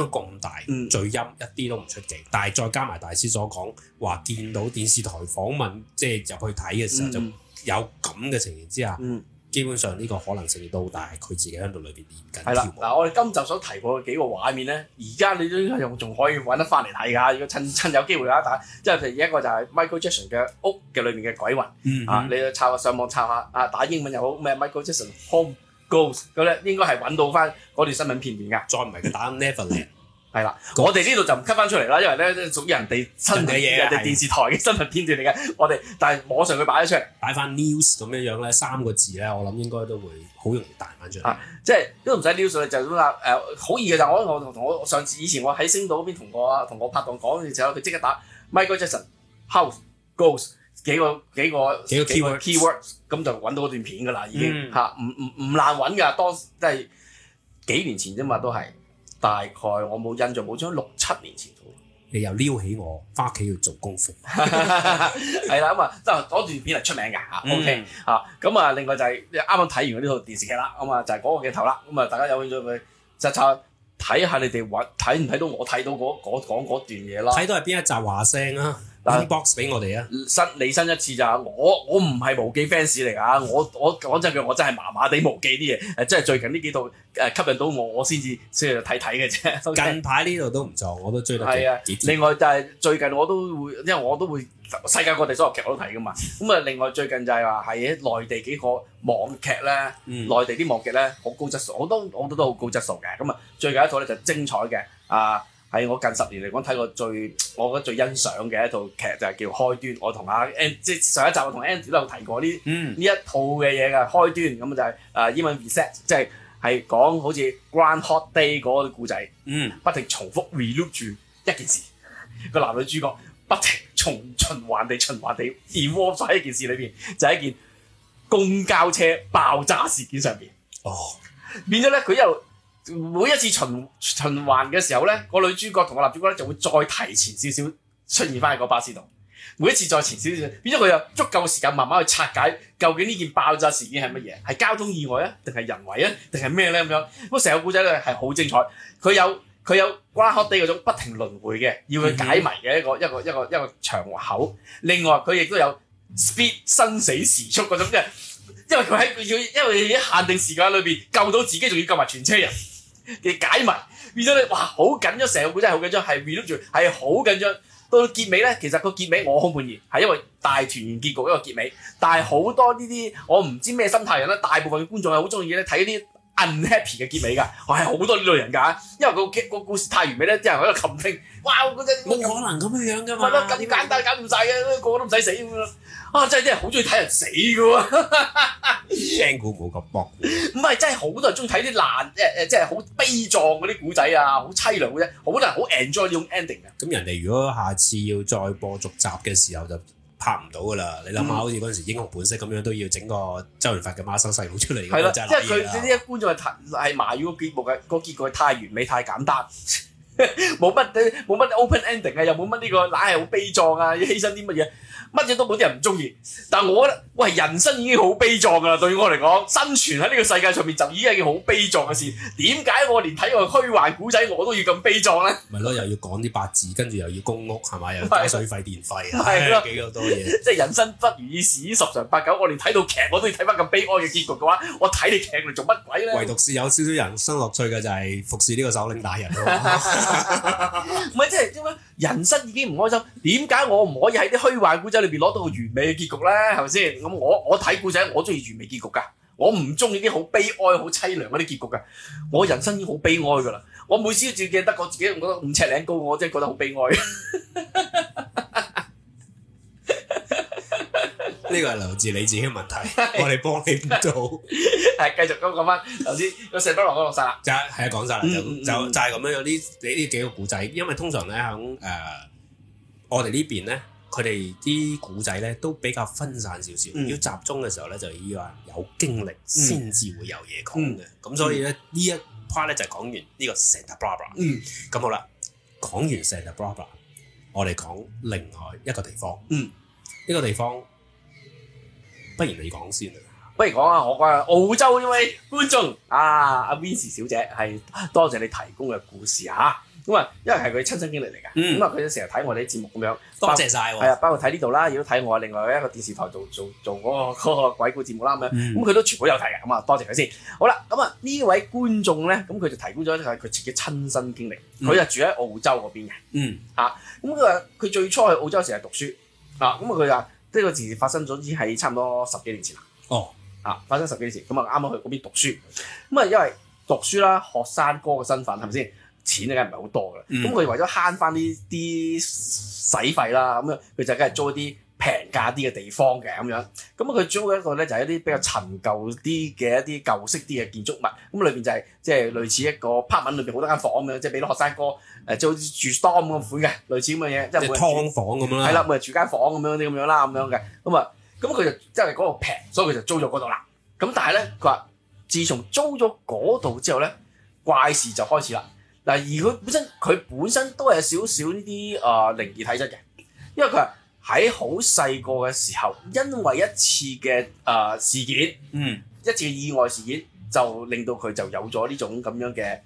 咁大，最陰一啲都唔出奇，但係再加埋大師所講話，見到電視台訪問，即係入去睇嘅時候就有咁嘅情形之下，嗯、基本上呢個可能性都大，係佢自己喺度裏邊練緊。係啦，嗱，我哋今集所提過嘅幾個畫面咧，而家你都仲仲可以揾得翻嚟睇㗎，如果趁趁有機會啦，打即係譬如一個就係 Michael Jackson 嘅屋嘅裏面嘅鬼魂、嗯、啊，你查下上網查下啊，打英文又好，咩 Michael Jackson Home？goes 咁咧，應該係揾到翻嗰段新聞片段噶，再唔係佢打 never 嚟，係啦。Ghosts. 我哋呢度就唔 cut 翻出嚟啦，因為咧屬於人哋新嘅嘢，即係電視台嘅新聞片段嚟嘅。我哋但係網上佢擺咗出嚟，擺翻 news 咁樣樣咧三個字咧，我諗應該都會好容易彈翻出嚟。啊，即係都唔使 news 啦，就咁啦。誒、呃，好易嘅，就我我同我，我上次以前我喺星島嗰邊同我同我拍檔講嘅時候，佢即刻打 Michael Jackson House goes。幾個幾個幾個 keywords 咁就揾到嗰段片㗎喇，已經吓唔唔唔難揾㗎，當時即係幾年前啫嘛，都係大概我冇印象，冇咗六七年前度。你又撩起我翻屋企要做功夫，係啦咁啊，即係嗰段片係出名㗎。OK 吓。咁啊，另外就係啱啱睇完呢套電視劇啦，咁啊就係、是、嗰個鏡頭啦。咁啊，大家有興趣去，實查，睇下你哋揾睇唔睇到我、那、睇、個、到嗰嗰嗰段嘢啦。睇到係邊一集話聲啊？嗱，box 俾我哋啊！新你新一次就，我我唔係無記 fans 嚟㗎。我我講真句，我真係麻麻地無記啲嘢。誒，即係最近呢幾套吸引到我，我先至先去睇睇嘅啫。看看 okay? 近排呢度都唔錯，我都追到。係啊，另外就係最近我都會，因為我都會世界各地所有劇我都睇噶嘛。咁啊，另外最近就係話係內地幾個網劇咧、嗯，內地啲網劇咧好高質素，我都我都都好高質素嘅。咁啊，最近一套咧就精彩嘅啊！喺我近十年嚟講睇過最，我覺得最欣賞嘅一套劇就係叫《開端》。我同阿誒，即係上一集我同 Andy 都有提過呢呢一套嘅嘢嘅《嗯、開端》咁就係誒英文 reset，即係係講好似 Groundhog Day 嗰個故仔，嗯、不停重複 reloop 住一件事，個男女主角不停重循環地循環地 rework 喺一件事裏邊，就係、是、一件公交車爆炸事件上邊。哦，變咗咧，佢又。每一次循循環嘅時候呢、個女主角同個男主角呢就會再提前少少出現翻喺個巴士度。每一次再前少少，變咗佢有足夠時間慢慢去拆解究竟呢件爆炸事件係乜嘢，係交通意外啊，定係人為啊，定係咩呢？咁樣？咁成個故仔咧係好精彩，佢有佢有 Groundhog Day 嗰種不停輪迴嘅，要去解謎嘅一個、嗯、一個一個一個場口。另外佢亦都有 speed 生死時速嗰種嘅，因為佢喺佢要因為喺限定時間裏面救到自己，仲要救埋全車人。嘅解密，變咗你哇好緊張，成個古仔好緊張，係 build 住，係好緊張。到到結尾咧，其實個結尾我好滿意，係因為大團圓結局一個結尾。但係好多呢啲我唔知咩心態人咧，大部分嘅觀眾係好中意咧睇呢啲。unhappy 嘅結尾㗎，我係好多呢類人㗎，因為個劇故事太完美咧，啲人喺度冚聽，哇嗰隻冇可能咁樣樣㗎嘛，咁簡單搞掂晒嘅，個個都唔使死咁咯，啊真係啲人好中意睇人死嘅喎，聽古墓國博，唔係 真係好多人中意睇啲爛，即係即係好悲壯嗰啲古仔啊，好淒涼嘅啫，好多人好 enjoy 呢種 ending 嘅。咁人哋如果下次要再播續集嘅時候就。拍唔到噶啦！你諗下，好似嗰陣時《英雄本色》咁樣都要整個周潤發嘅孖生細佬出嚟嘅嘛？即係佢呢啲觀眾係埋咗個結局嘅，個結局太完美，太簡單，冇乜冇乜 open ending 啊！又冇乜呢個乃係好悲壯啊！要犧牲啲乜嘢？乜嘢都冇，啲人唔中意，但係我覺得，喂，人生已經好悲壯噶啦！對於我嚟講，生存喺呢個世界上面就已經係件好悲壯嘅事。點解我連睇個虛幻古仔，我都要咁悲壯咧？咪咯，又要講啲八字，跟住又要供屋，係咪？又要交水費、電費，幾多嘢。即係人生不如意事十常八九，我連睇到劇我都要睇翻咁悲哀嘅結局嘅話，我睇你劇嚟做乜鬼咧？唯獨是有少少人生樂趣嘅就係服侍呢個首領大人咯。唔 係， 即係點啊？人生已經唔開心，點解我唔可以喺啲虛幻古仔？裏邊攞到個完美嘅結局咧，係咪先？咁我我睇故仔，我中意完美結局噶，我唔中意啲好悲哀、好淒涼嗰啲結局噶。我人生已經好悲哀噶啦，我每次都仲記得我自己，我覺得五尺零高，我真係覺得好悲哀。呢個係留自你自己嘅問題，我哋幫你唔做。係繼續咁講翻，頭先個石燈都落晒啦，就係講晒啦，就就就係咁樣。有呢你呢幾個故仔，因為通常咧響誒我哋呢邊咧。佢哋啲古仔咧都比較分散少少、嗯，要集中嘅時候咧就要個有經歷先至會有嘢講嘅，咁所以咧呢一 part 咧就講完呢個 Santa Barbara。嗯，咁、嗯嗯嗯、好啦，講完 Santa Barbara，我哋講另外一個地方。嗯，呢、這個地方，不如你講先啊。不如講下我講澳洲呢位觀眾啊，阿 Vincy 小姐係多謝你提供嘅故事嚇、啊。咁啊，因為係佢親身經歷嚟㗎，咁啊佢都成日睇我哋啲節目咁樣，多謝晒係啊，包括睇呢度啦，亦都睇我另外一個電視台做做做嗰個鬼故節目啦咁樣。咁、嗯、佢都全部都有睇嘅，咁啊多謝佢先。好啦，咁啊呢位觀眾咧，咁佢就提供咗佢自己親身經歷。佢、嗯、就住喺澳洲嗰邊嘅，嗯啊，咁佢話佢最初去澳洲時係讀書啊，咁啊佢話呢個事發生咗已經係差唔多十幾年前啦。哦，啊發生十幾年前，咁啊啱啱去嗰邊讀書，咁啊因為讀書啦，學生哥嘅身份係咪先？嗯錢咧梗係唔係好多嘅，咁、嗯、佢為咗慳返呢啲使費啦，咁啊佢就梗係租一啲平價啲嘅地方嘅咁樣。咁佢租一個咧就係一啲比較陳舊啲嘅一啲舊式啲嘅建築物，咁啊裏邊就係即係類似一個 apartment 裏邊好多間房咁樣，即係俾啲學生哥誒，即好似住 store 咁嘅款嘅類似咁嘅嘢，即係㓥房咁樣啦，係啦，咪住間房咁樣啲咁樣啦，咁樣嘅咁啊，咁佢就即係嗰度平，所以佢就租咗嗰度啦。咁但係咧，佢話自從租咗嗰度之後咧，怪事就開始啦。嗱，而佢本身佢本身都係有少少呢啲啊靈異體質嘅，因為佢係喺好細個嘅時候，因為一次嘅啊、呃、事件，嗯，一次意外事件就令到佢就有咗呢種咁樣嘅誒、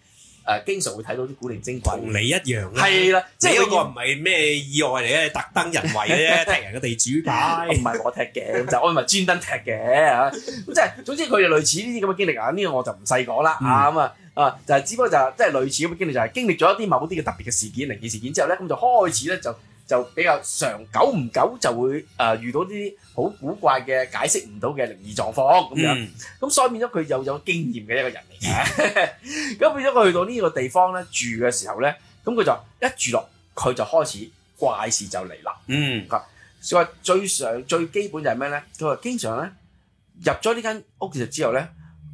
呃，經常會睇到啲古靈精怪，同你一樣係、啊、啦，即係呢個唔係咩意外嚟咧，特登人為嘅咧，踢 人嘅地主牌，唔係我踢嘅，咁 就我唔係專登踢嘅，咁即係總之佢就類似呢啲咁嘅經歷啊，呢、呢個我就唔細講啦，啊咁啊。啊，就係只不過就係即係類似咁嘅經歷，就係經歷咗一啲某啲嘅特別嘅事件、靈異事件之後咧，咁就開始咧就就比較長久唔久就會誒、啊、遇到啲好古怪嘅解釋唔到嘅靈異狀況咁樣，咁所以變咗佢又有經驗嘅一個人嚟嘅，咁、嗯、 變咗佢去到呢個地方咧住嘅時候咧，咁佢就一住落佢就開始怪事就嚟啦。嗯、啊，所以話最常最基本就係咩咧？佢話經常咧入咗呢間屋嘅之後咧。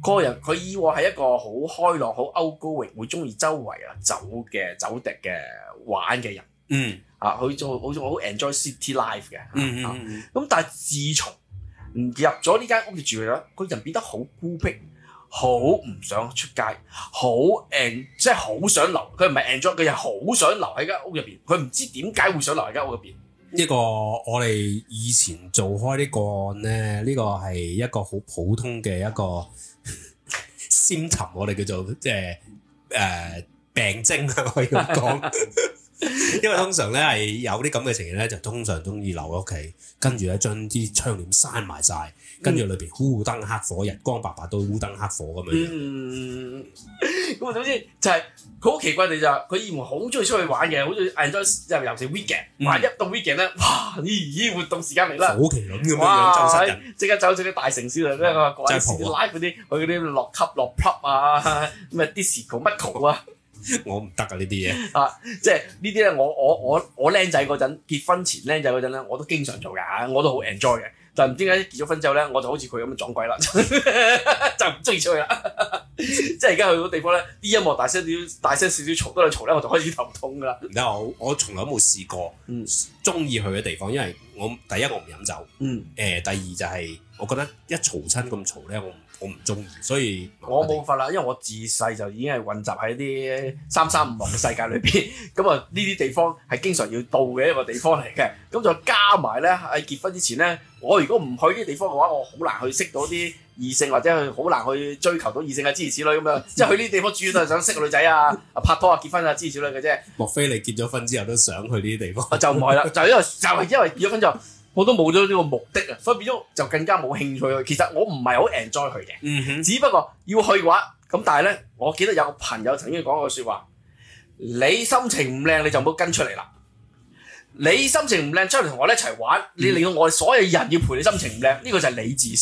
個人佢以往係一個好開朗、好 outgoing，會中意周圍啊走嘅、走趯嘅、玩嘅人。嗯，啊，佢就好似好 enjoy city life 嘅。嗯、啊、嗯咁但係自從入咗呢間屋嘅住啦，個人變得好孤僻，好唔想出街，好 en 即係好想留。佢唔係 enjoy，佢係好想留喺間屋入邊，佢唔知點解會想留喺間屋入邊。呢個我哋以前做開呢個個案咧，呢、呢個係一個好普通嘅一個。先尋我哋叫做即係誒病徵啊，可以咁講。因為通常咧係有啲咁嘅情形咧，就通常中意留喺屋企，跟住咧將啲窗簾閂埋晒，跟住裏邊烏燈黑火，日光白白都烏燈黑火咁樣，嗯。咁啊，總之就係佢好奇怪哋就，佢以前好中意出去玩嘅，好中意 enjoy weekend，萬、嗯、一到 weekend 咧，哇，咦咦，活動時間嚟啦，好奇怪咁嘅樣，即刻走咗啲大城市度咧，就係拉嗰啲去嗰啲落 club 落 club 啊，咩 disco 乜 club 啊。 我唔得噶呢啲嘢啊！即係呢啲咧，我我我我僆仔嗰陣結婚前僆仔嗰陣咧，我都經常做噶，我都好 enjoy 嘅。但唔知點解結咗婚之後咧，我就好似佢咁樣撞鬼啦， 就唔中意出去啦。 即係而家去到地方咧，啲音樂大聲少、大聲少少嘈都兩嘈咧，我就開始頭痛噶啦。然後我從來冇試過中意去嘅地方，因為我第一我唔飲酒，誒、嗯呃，第二就係、是、我覺得一嘈親咁嘈咧，我。我唔中意，所以我冇法啦，因為我自細就已經係混雜喺啲三三五五嘅世界裏邊，咁啊呢啲地方係經常要到嘅一個地方嚟嘅，咁就加埋咧喺結婚之前咧，我如果唔去呢啲地方嘅話，我好難去識到啲異性或者去好難去追求到異性嘅諸如此類咁樣，即係去呢啲地方主要都係想識個女仔啊，啊 拍拖啊，結婚啊，諸如此類嘅啫。莫非你結咗婚之後都想去呢啲地方？就唔係啦，就因為就係因為結咗婚就。我都冇咗呢個目的啊，所以變咗就更加冇興趣去。其實我唔係好 enjoy 去嘅，只不過要去嘅話，咁但係呢，我記得有個朋友曾經講過說話：你心情唔靚你就唔好跟出嚟啦。你心情唔靚，出嚟同我咧一齊玩，你令到我哋所有人要陪你心情唔靚，呢、嗯、個就係你自私。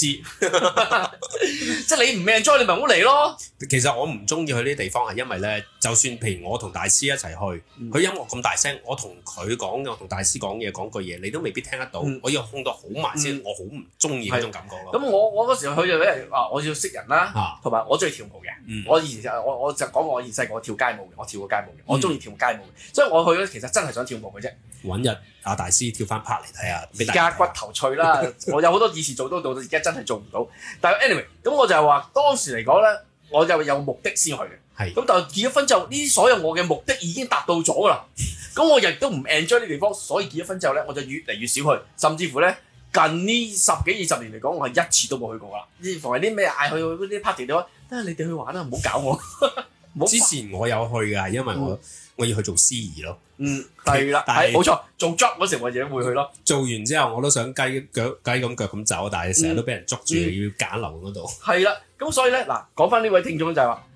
即 係 你唔 enjoy，你咪唔好嚟咯。其實我唔中意去呢啲地方係因為咧，就算譬如我同大師一齊去，佢、嗯、音樂咁大聲，我同佢講嘅，我同大師講嘢講句嘢，你都未必聽得到。嗯、我要控到好埋先，嗯、我好唔中意嗰種感覺咯。咁我我嗰時候去就人話我要識人啦，同、啊、埋我中意跳舞嘅。嗯、我以前我我就講我以前細個跳街舞嘅，我跳過街舞嘅，我中意跳街舞嘅。嗯、所以我去咧其實真係想跳舞嘅啫。今日阿大師跳翻 part 嚟睇下，俾大家骨頭脆啦。我有好多以前做到到到而家真係做唔到。但係 anyway，咁我就話當時嚟講咧，我就有目的先去嘅。係咁，但係結咗婚之後，呢所有我嘅目的已經達到咗啦。咁 我亦都唔 enjoy 呢地方，所以結咗婚之後咧，我就越嚟越少去，甚至乎咧近呢十幾二十年嚟講，我係一次都冇去過啦。以防啲咩嗌去嗰啲 party 地方，你哋去玩啦，唔好搞我。 之前我有去嘅，因為我、嗯。我要去做司儀咯，嗯，係啦，但係冇錯，做 job 嗰時我亦會去咯，做完之後我都想雞腳雞咁腳咁走，但係成日都俾人捉住，嗯、要揀樓嗰度。係啦，咁所以咧，嗱，講翻呢位聽眾就係話，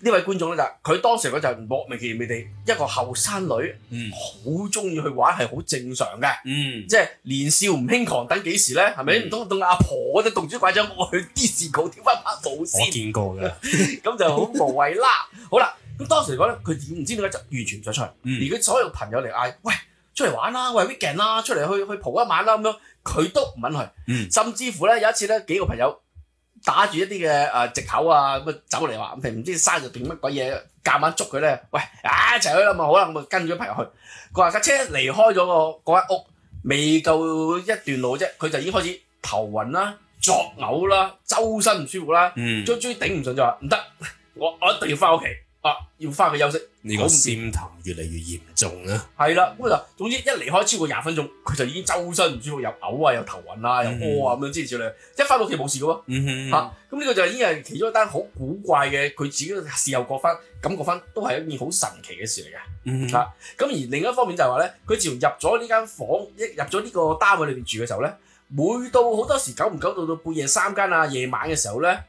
呢位觀眾咧就係、是、佢當時佢就莫名其妙地一個後生女，嗯，好中意去玩係好正常嘅，嗯，即、就、係、是、年少唔輕狂，等幾時咧？係咪唔通當阿婆嗰啲獨居鬼長我去 d 字褲跳翻翻舞先？我見過噶，咁 就好無謂啦。 好啦。咁當時嚟講咧，佢點唔知點解就完全唔再出嚟，嗯？而佢所有朋友嚟嗌，喂，出嚟玩啦，喂係 weekend 啦，啊，出嚟去去蒲一晚啦。咁樣佢都唔肯去，嗯。甚至乎咧，有一次咧，幾個朋友打住一啲嘅誒藉口啊，咁啊走嚟話，唔知山入定乜鬼嘢，夾硬捉佢咧。喂，啊，一齊去啦，咪好啦，咁啊跟住一排入去。佢話架車離開咗個間屋，未夠一段路啫，佢就已經開始頭暈啦、作嘔啦、周身唔舒服啦。嗯，終於頂唔順，就話唔得，我我一定要翻屋企。啊！要翻去休息，這個善頭越嚟越嚴重啊，係啦，咁、嗯、就係、總之一離開超過廿分鐘，佢就已經周身唔舒服，又嘔有、嗯有之類之類嗯、啊，又頭暈啊，又屙啊咁樣。之前少女一翻到屋企冇事㗎喎，咁呢個就已經係其中一單好古怪嘅，佢自己事後過翻，感覺翻都係一件好神奇嘅事嚟嘅。嚇、嗯！咁、啊、而另一方面就係話咧，佢自從入咗呢間房，一入咗呢個單位裏面住嘅時候咧，每到好多時久唔久，到到半夜三更啊，夜晚嘅時候咧。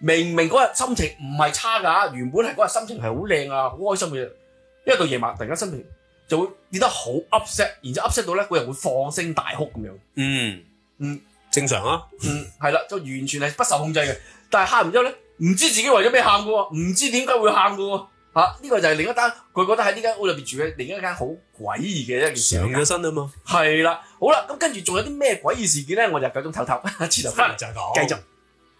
明明嗰日心情唔係差㗎，原本係嗰日心情係好靚啊，好開心嘅。一到夜晚突然間心情就會變得好 upset，然之後 upset 到咧，個人會放聲大哭咁樣。嗯嗯，正常啊。嗯，係 啦，就完全係不受控制嘅。但係喊完之後咧，唔知自己為咗咩喊㗎喎，唔知點解會喊㗎喎。呢、呢個就係另一單佢覺得喺呢間屋入面住嘅另一間好詭異嘅一件事。上咗身啊嘛。係啦，好啦，咁跟住仲有啲咩詭異事件咧？我就繼 續唞唞，前頭翻就講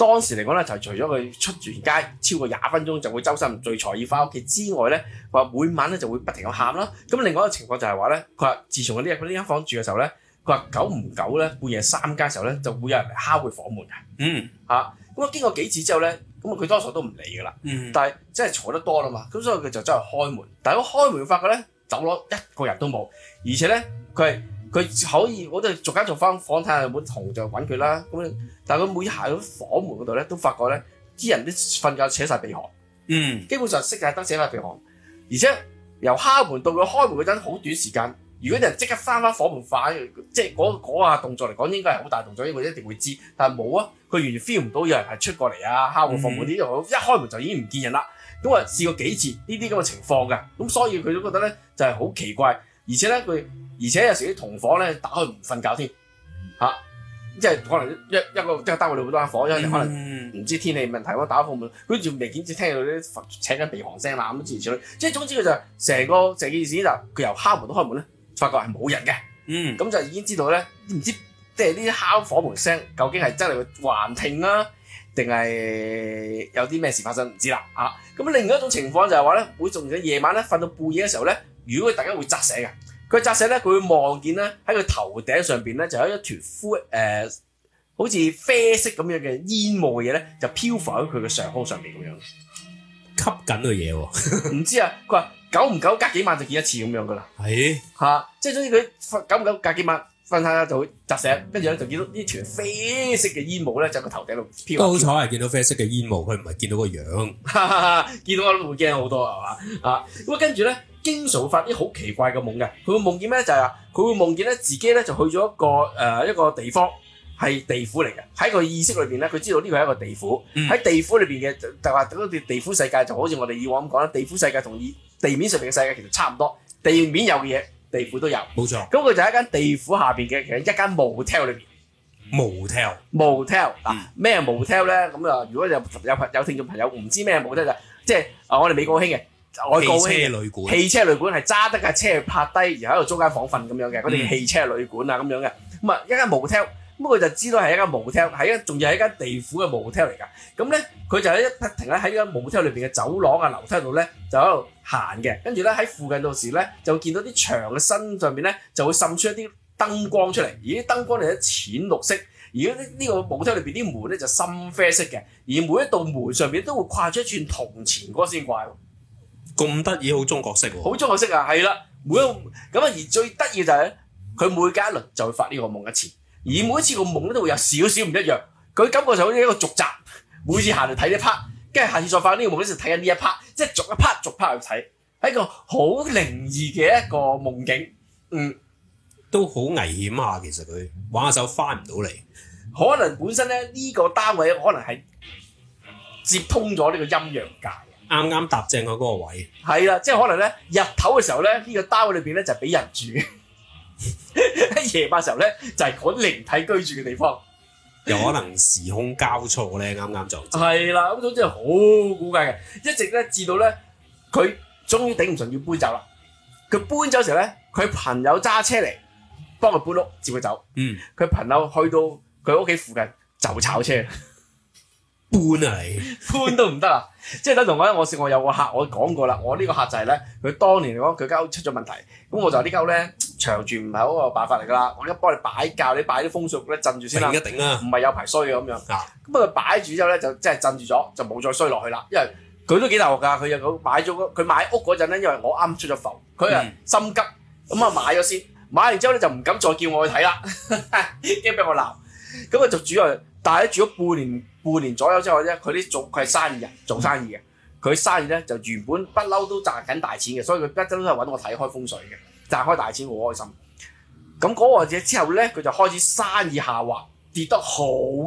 當時嚟講咧，就係除咗佢出住街超過廿分鐘就會周身唔聚財要翻屋企之外咧，佢話每晚咧就會不停咁喊啦。咁另外一個情況就係話咧，佢話自從佢呢入呢間房住嘅時候咧，佢話久唔久咧半夜三更時候咧就會有人嚟敲佢房門嘅。嗯，嚇、啊。咁我經過幾次之後咧，咁佢多數都唔理㗎啦。嗯。但係即係坐得多啦嘛，咁所以佢就走去開門。但係我開門發覺咧，走廊一個人都冇，而且咧佢。佢可以，我哋逐間逐翻房睇下有冇同就揾佢啦。咁但係佢每行到房門嗰度咧，都發覺咧，啲人都瞓覺扯晒鼻鼾。嗯、mm.，基本上熄曬燈扯晒鼻鼾。而且由敲門到佢開門嗰陣，好短時間。如果人即刻閂返房門快，即係嗰嗰下動作嚟講，應該係好大動作，因為一定會知。但係冇啊，佢完全 feel 唔到有人係出過嚟啊，敲門，門、房門啲一開門就已經唔見人啦。咁啊，試過幾次呢啲咁嘅情況嘅。咁所以佢都覺得咧，就係、是、好奇怪，而且咧佢。而且有時啲同房咧打開門瞓覺添，嚇、嗯啊，即係可能一個一個即係單位咗好多間房，因、嗯、為可能唔知天氣問題，打開房門，跟住未見只聽到啲請緊鼻鼾聲嘛，咁諸如此類。即係總之佢就成個成件事就佢由敲門到開門咧，發覺係冇人嘅，咁、嗯、就已經知道咧，唔知即係呢啲敲房門聲究竟係真係會幻聽啦、啊，定係有啲咩事發生唔知啦、啊，嚇、啊。咁另一種情況就係話咧，會仲要夜晚咧瞓到半夜嘅時候咧，如果佢突然間會扎醒嘅，佢扎醒咧，佢會望見咧喺佢頭頂上邊咧，就有一團灰誒、呃，好似啡色咁樣嘅煙霧嘅嘢咧，就漂浮喺佢嘅上空上面咁樣吸緊個嘢喎。唔 知啊，佢話久唔久隔幾晚就見一次咁樣噶啦。係嚇、啊，即係總之佢久唔久隔幾晚瞓下就會扎醒，跟住咧就見到呢團啡色嘅煙霧咧，就喺個頭頂度漂。都好彩係見到啡色嘅煙霧，佢唔係見到個樣， 見到我都會驚好多係嘛啊！咁啊，跟住咧。經常會發啲好奇怪嘅夢嘅，佢會夢見咩？就係話佢會夢見咧自己咧就去咗一個誒、呃、一個地方係地府嚟嘅，喺個意識裏邊咧佢知道呢個係一個地府，喺、嗯、地府裏邊嘅就話嗰啲地府世界，就好似我哋以往咁講啦，地府世界同地，地面上面嘅世界其實差唔多，地面有嘅嘢地府都有，冇錯。咁佢就喺間地府下邊嘅，其實一間 motel 裏邊 motel，motel 嗱咩 motel 咧？咁啊、嗯，如果有有有聽眾朋友唔知咩 motel 就即係我哋美國興嘅。外國汽車旅館，汽車旅館係揸得架車去拍低，然而喺度租間房瞓咁樣嘅，嗰啲汽車旅館啊咁、嗯、樣嘅。咁啊，一間舞 o t 咁佢就知道係一間舞 o t e 仲要係一間地府嘅舞 o 嚟㗎。咁咧，佢就喺一不停咧喺呢 h 舞 t e l 裏邊嘅走廊啊樓梯度咧，就喺度行嘅。跟住咧喺附近到時咧，就見到啲牆嘅身上面咧就會滲出一啲燈光出嚟，而啲燈光嚟一淺綠色，而呢呢個 h o t 裏邊啲門咧就深啡色嘅，而每一道門上面都會跨出一串銅錢哥先怪。咁得意好中國式喎，好中國式啊，係啦、啊，每咁啊，而最得意就係佢每隔一輪就會發呢個夢一次，而每一次個夢都會有少少唔一樣，佢感覺就好似一個續集，每次行嚟睇呢 part，跟住下次再發呢個夢咧就睇緊呢一 part，即係逐一 part 逐 part 去睇，係一個好靈異嘅一個夢境，嗯，都好危險下、啊，其實佢玩下手翻唔到嚟，可能本身咧呢、這個單位可能係接通咗呢個陰陽界。啱啱搭正喺嗰個位，係啦，即係可能咧日頭嘅時候咧，呢個單位裏面咧就俾人住；喺 夜晚時候咧，就係嗰靈體居住嘅地方。有可能時空交錯咧，啱啱就係啦。咁總之係好古怪嘅，一直咧至到咧佢終於頂唔順要搬走啦。佢搬走嘅時候咧，佢朋友揸車嚟幫佢搬屋接佢走。嗯，佢朋友去到佢屋企附近就炒車。搬啊你，你 搬都唔得啦，即係等同我我試我有個客，我講過啦，我呢個客就係、是、咧，佢當年嚟講佢間屋出咗問題，咁我就、嗯、個呢間屋咧長住唔係好個辦法嚟噶啦，我一幫你擺教，你擺啲風水咧鎮住先啦，停一定啦、啊，唔係有排衰嘅咁樣，咁啊擺住之後咧就即係鎮住咗，就冇再衰落去啦，因為佢都幾大鑊噶，佢又擺咗佢買屋嗰陣咧，因為我啱出咗浮，佢啊心急，咁啊買咗先，買完之後咧就唔敢再叫我去睇啦，驚 俾我鬧，咁啊就主要，但係咧住咗半年。半年左右之後呢，佢啲做佢係生意人做生意嘅，佢、嗯、生意咧就原本不嬲都賺緊大錢嘅，所以佢一直都係搵我睇開風水嘅，賺開大錢好開心。咁嗰個嘢之後咧，佢就開始生意下滑，跌得好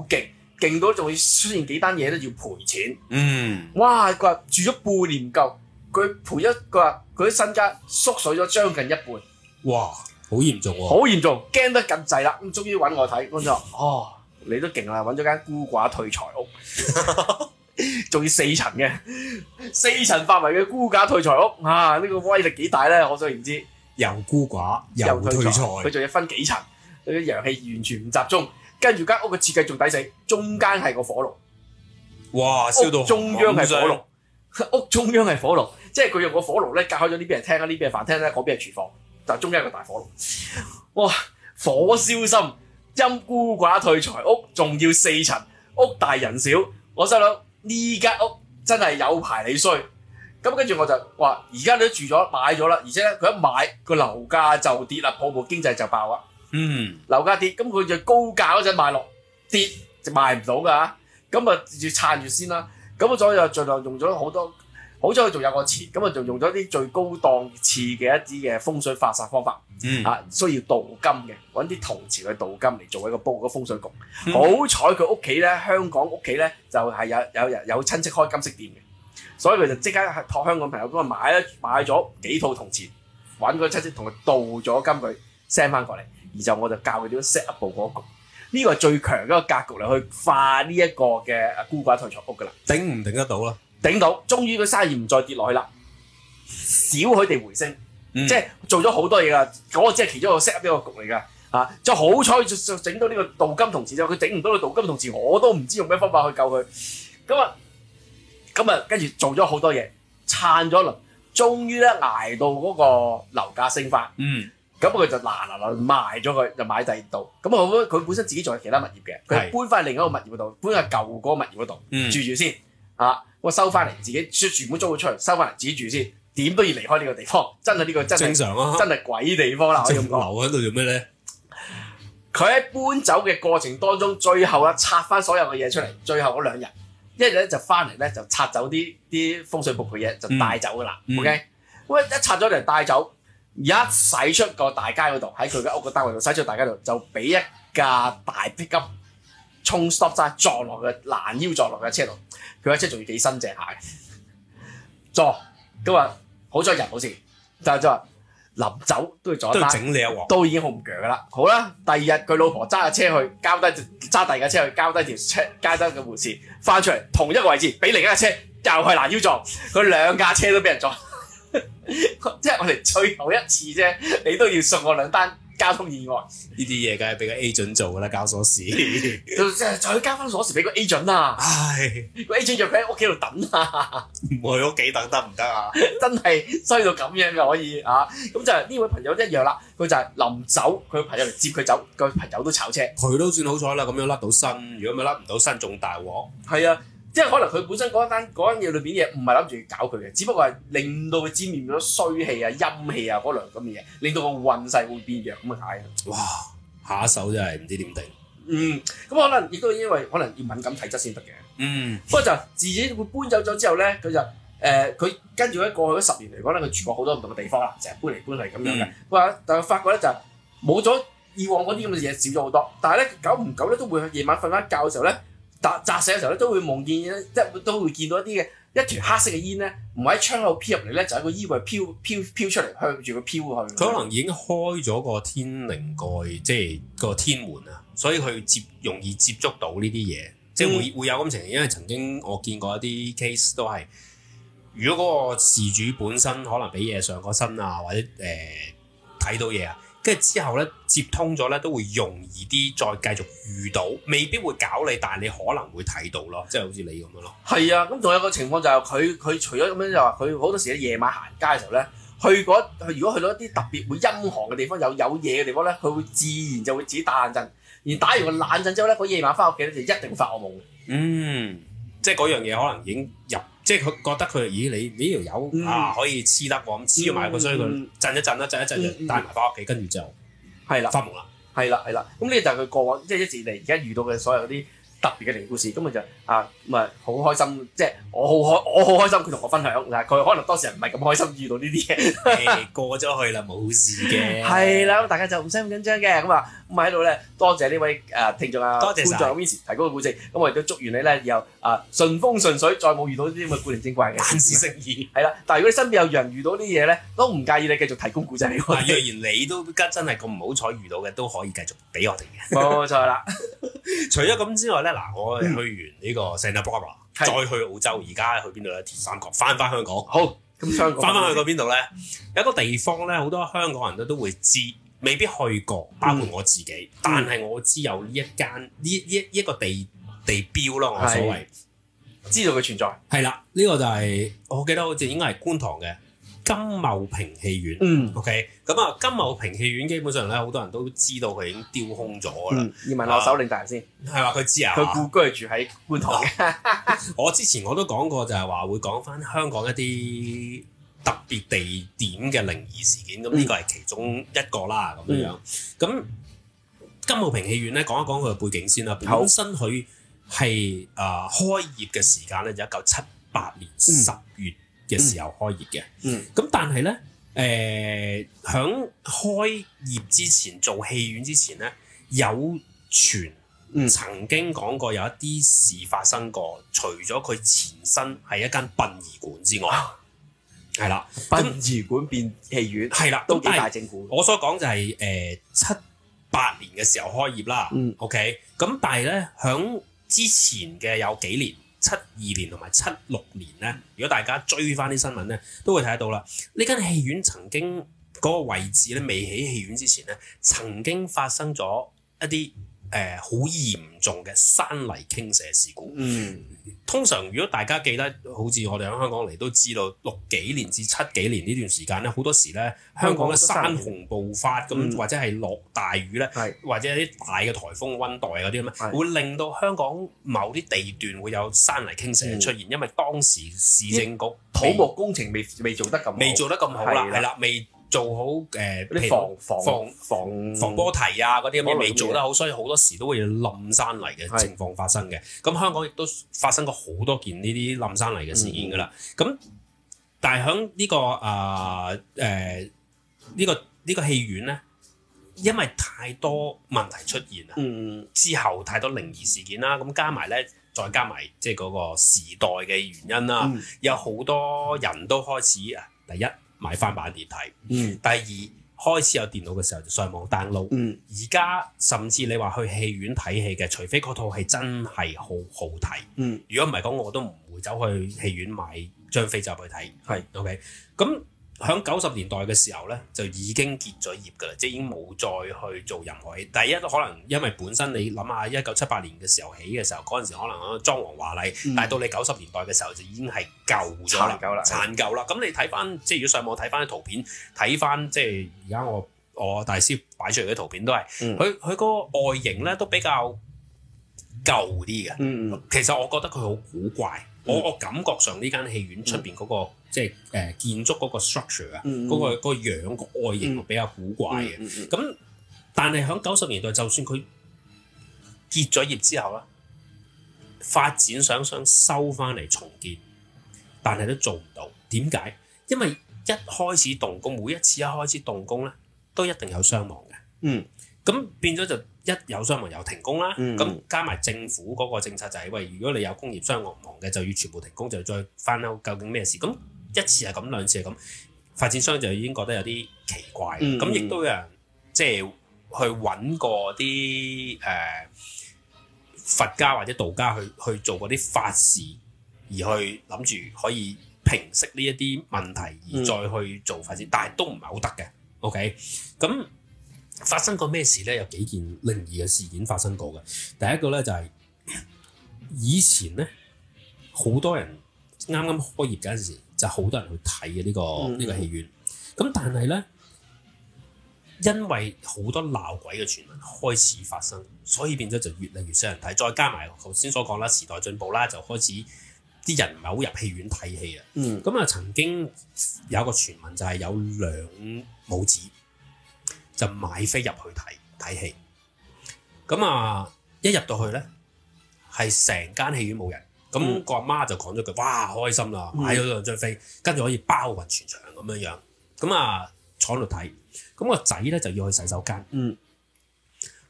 勁，勁到仲要出現幾單嘢都要賠錢。嗯，哇！佢話住咗半年唔夠，佢賠一佢話佢啲身家縮水咗將近一半。哇！好嚴重喎，好嚴重，驚得咁滯啦。咁終於搵我睇，我話、嗯、哦。你都勁啦，搵咗間孤寡退財屋，仲 要四層嘅，四層範圍嘅孤寡退財屋啊！呢個威力幾大咧？可想而知，又孤寡又退財，佢仲要分幾層，啲陽氣完全唔集中。跟住間屋嘅設計仲抵死，中間係個火爐，哇！燒到中央係火爐，屋中央係火爐，即係佢用個火爐咧隔開咗呢邊係廳啦，呢邊係飯廳啦，嗰邊係廚房，但中間係個大火爐，哇！火燒心。陰孤寡，寡退財屋，仲要四層，屋大人少，我心諗呢間屋真係有排你衰。咁跟住我就話，而家你都住咗，買咗啦，而且咧佢一買個樓價就跌啦，泡沫經濟就爆啦。嗯，樓價跌，咁佢就高價嗰陣買落，跌，啊、就賣唔到噶。咁啊要撐住先啦。咁所以就盡量用咗好多。好彩佢仲有個錢，咁啊就用咗啲最高檔次嘅一啲嘅風水發煞方法，嗯、啊需要鍍金嘅，揾啲銅錢去鍍金嚟做一個煲一個風水局。嗯、好彩佢屋企咧，香港屋企咧就係有有有有親戚開金飾店嘅，所以佢就即刻託香港朋友幫佢買咗買咗幾套銅錢，揾個親戚同佢鍍咗金，佢 send 翻過嚟，而就我就教佢點 set 一部嗰局。呢、呢個係最強一個格局嚟去化呢一個嘅孤寡退財屋噶啦，頂唔頂得到啦？頂到，終於佢生意唔再跌落去啦，少佢哋回升，嗯、即係做咗好多嘢噶，嗰個只係其中一個 set up 一個局嚟噶，啊，就好彩就整到呢個鍍金銅錢，就佢整唔到個鍍金銅錢，我都唔知用咩方法去救佢，咁啊，咁啊跟住做咗好多嘢，撐咗一輪，終於咧捱到嗰個樓價升翻，嗯，咁佢就嗱嗱嗱賣咗佢，就買第二度，咁佢本身自己仲有其他物業嘅，佢搬翻另一個物業嗰度、嗯，搬喺舊嗰個物業嗰度、嗯、住住先，啊。我收翻嚟自己，全部租咗出嚟，收翻嚟止住先，點都要離開呢個地方，真係呢、這個真係、啊，真係鬼地方啦！我咁講，留喺度做咩咧？佢喺搬走嘅過程當中，最後啊拆翻所有嘅嘢出嚟，最後嗰兩日，一日咧就翻嚟咧就拆走啲啲風水簿嘅嘢，就帶走噶啦、嗯。OK，喂、嗯，一拆咗嚟帶走，一駛出個大街嗰度，喺佢嘅屋個單位度駛出大街度，就俾一架大 pickup 衝 stop 曬撞落嘅攔腰撞落嘅車度，佢架車仲要幾新淨下嘅撞咁啊！好在人冇事，但係就臨走都要撞都整你一鑊，都已經好唔鋸㗎喇。好啦，第二日佢老婆揸架車去交低，揸第二架車去交低條車街燈嘅護士翻出嚟，同一個位置俾另一架車又係攔腰撞，佢兩架車都俾人撞，呵呵即係我哋最後一次啫，你都要送我兩單。交通意外呢啲嘢梗係俾個 agent 做啦，交鎖匙 就就、啊啊、 去交翻鎖匙俾個 agent 啦，係個 agent 約佢喺屋企度等，唔去屋企等得唔得啊？真係衰到咁樣嘅可以啊！咁就呢位朋友一樣啦，佢就係臨走，佢朋友嚟接佢走，個 朋友都炒車，佢都算好彩啦，咁樣甩到身，如果咪甩唔到身，仲大鑊。係啊。即係可能佢本身嗰一間嘢裏邊嘢唔係諗住搞佢嘅，只不過係令到佢沾染咗衰氣啊、陰氣啊嗰類咁嘅嘢，令到個運勢會變弱咁嘅解。哇！下一手真係唔知點定。嗯，咁可能亦都因為可能要敏感體質先得嘅。嗯，不過就自己會搬走咗之後咧，佢就誒佢、呃、跟住喺過去十年嚟講咧，佢住過好多唔同嘅地方啦，成日搬嚟搬去咁樣嘅。佢話、嗯、哇！但係發覺咧就冇咗以往嗰啲咁嘅嘢少咗好多，但係咧久唔久咧都會夜晚瞓翻覺嘅時候咧。砸砸死嘅時候咧，都會夢見一，都都會見到一啲嘅一團黑色嘅煙咧，唔係喺窗口飄入嚟咧，就喺個衣櫃飄飄飄出嚟，向住佢飄去。佢可能已經開咗個天靈蓋，即係個天門啊，所以佢接容易接觸到呢啲嘢，嗯、即係會會有咁情形，因為曾經我見過一啲 case 都係，如果嗰個事主本身可能俾嘢上過身啊，或者誒睇、呃、到嘢。跟住之後咧，接通咗咧都會容易啲，再繼續遇到，未必會搞你，但係你可能會睇到咯，即係好似你咁樣咯。係啊，咁仲有一個情況就係佢佢除咗咁樣就話，佢好多時喺夜晚行街嘅時候咧，去嗰，佢如果去到一啲特別會陰寒嘅地方，有有嘢嘅地方咧，佢會自然就會自己打冷震，而打完個冷震之後咧，佢夜晚翻屋企咧就一定會發惡夢。嗯。即係嗰樣嘢可能已經入，即係佢覺得佢，咦？你你呢條友啊可以黐得喎，咁黐埋個衰，佢、嗯嗯、震一震，啦，振一震，一震，一震，一震就帶，嗯嗯嗯、就帶埋翻屋企，跟住就，係啦，發夢啦，係啦，係啦。咁呢就係佢過往，即係一時嚟而家遇到嘅所有啲特別嘅靈故事，咁佢就啊咁啊好開心，即係我好開，我好開心佢同我分享。嗱，佢可能當時唔係咁開心遇到呢啲嘢，過咗去啦，冇 事嘅。係啦，咁大家就唔使咁緊張嘅。咁啊，咁喺度咧，多謝呢位誒聽眾啊，觀眾、Vinny、提供嘅故事。咁我亦都祝願你咧，啊，順風順水，再冇遇到啲咁嘅古靈精怪嘅，眼見為實。係啦。但係如果你身邊有人遇到啲嘢咧，都唔介意你繼續提供故仔。但係若然你都真係咁唔好彩遇到嘅，都可以繼續俾我哋嘅。冇錯啦 了啦。除咗咁之外咧，嗱，我去完呢個 Santa Barbara，、嗯、再去澳洲，而家去邊度咧？鐵三角翻返香港。好，咁香港翻返去到邊度咧？ 有一個地方咧，好多香港人都都會知，未必去過，包括我自己。嗯、但係我知有呢一間呢一一個地。地標咯，我所謂知道佢存在係啦，呢、這個就係、是、我記得好似應該係觀塘嘅金茂坪戲院。嗯，OK，咁啊，金茂坪戲院基本上咧，好多人都知道佢已經丟空咗啦。而、嗯、問我首領大人先，係話佢知啊，佢故居住喺觀塘。 我之前我都講過，就係話會講翻香港一啲特別地點嘅靈異事件，咁呢個係其中一個啦，咁、嗯、樣。咁金茂坪戲院咧，講一講佢嘅背景先啦，本身佢。係誒、呃、開業嘅時間咧就一九七八年十月嘅時候開業嘅，咁、嗯嗯嗯、但係呢，誒、呃、響開業之前做戲院之前呢，有傳曾經講過有一啲事發生過，嗯、除咗佢前身係一間殯儀館之外，係啦，殯儀館變戲院係啦，都幾大正管。我所講就係誒七八年嘅時候開業啦，OK 咁但係呢，響。之前嘅有幾年，七二年同埋七六年呢，如果大家追翻啲新聞呢，都會睇得到啦。呢間戲院曾經嗰個位置呢，未起戲院之前呢，曾經發生咗一啲。誒、呃、好嚴重嘅山泥傾瀉事故。嗯，通常如果大家記得，好似我哋喺香港嚟都知道，六幾年至七幾年呢段時間咧，好多時咧香港嘅山、山洪暴發咁、嗯，或者係落大雨咧，或者啲大嘅颱風溫、溫帶嗰啲咁啊，會令到香港某啲地段會有山泥傾瀉出現，嗯、因為當時市政局土木工程未未做得咁，未做得咁好啦，係啦，未。做好誒、呃，防防防防波堤啊，嗰啲咁嘢未做得好，所以好多時都會冧山泥嘅情況發生嘅。咁香港亦都發生過好多件呢啲冧山泥嘅事件噶啦。咁、嗯、但係喺呢個啊誒呢個呢、呢個戲院呢，因為太多問題出現啦、嗯。之後太多靈異事件啦，咁加埋呢，再加埋即係嗰個時代嘅原因啦、嗯，有好多人都開始第一。買翻版碟睇，第二開始有電腦嘅時候就上網 download。嗯、而家甚至你話去戲院睇戲嘅，除非嗰套戲真係好好睇、嗯。如果唔係講，我都唔會走去戲院買張飛入去睇。係，OK。咁。喺九十年代嘅時候呢，就已經結咗業噶啦，即係已經冇再去做任何嘢。第一，可能因為本身你諗下，一九七八年嘅時候起嘅時候，嗰陣時可能裝潢華麗，嗯、但係到你九十年代嘅時候就已經係舊咗啦，殘舊啦。咁你睇翻，即係如果上網睇翻啲圖片，睇翻即係而家我我大師擺出嚟嘅圖片都係，佢佢個外形呢，都比較舊啲嘅、嗯。其實我覺得佢好古怪。嗯、我我感覺上呢間戲院出邊嗰個。嗯嗯即係建築嗰個 structure 啊、嗰個，嗰、嗰個嗰樣外形比較古怪嘅，咁、嗯嗯嗯、但係喺九十年代就算佢結咗業之後啦，發展想想收翻嚟重建，但係都做唔到，點解？因為一開始動工，每一次一開始動工呢，都一定有傷亡嘅。嗯，咁變咗就一有傷亡又停工啦。咁、嗯、加埋政府嗰個政策就係、是、喂，如果你有工業傷亡嘅就要全部停工，就再翻翻究竟咩事咁。一次係咁，兩次係咁，發展商就已經覺得有啲奇怪了。咁亦都有人即係、就是、去揾過啲誒、呃、佛家或者道家去去做過啲法事，而去諗住可以平息呢一啲問題，而再去做發展，嗯、但係都唔係好得嘅。OK，咁發生過咩事呢？有幾件靈異嘅事件發生過嘅。第一個呢，就係以前呢，好多人啱啱開業嗰陣時。就好多人去睇嘅呢個呢個戲院，咁、嗯、但係呢，因為好多鬧鬼嘅傳聞開始發生，所以變咗就越嚟越少人睇。再加埋頭先所講啦，時代進步啦，就開始啲人唔係好入戲院睇戲啊。嗯，咁啊，曾經有一個傳聞就係、是、有兩母子就買飛入去睇睇戲，咁啊，一入到去呢，係成間戲院冇人。咁、嗯個阿媽就講咗句：哇，開心啦！買咗兩張飛，跟、嗯、住可以包勻全場咁樣樣。咁啊，坐喺度睇。咁、個仔咧就要去洗手間。嗯。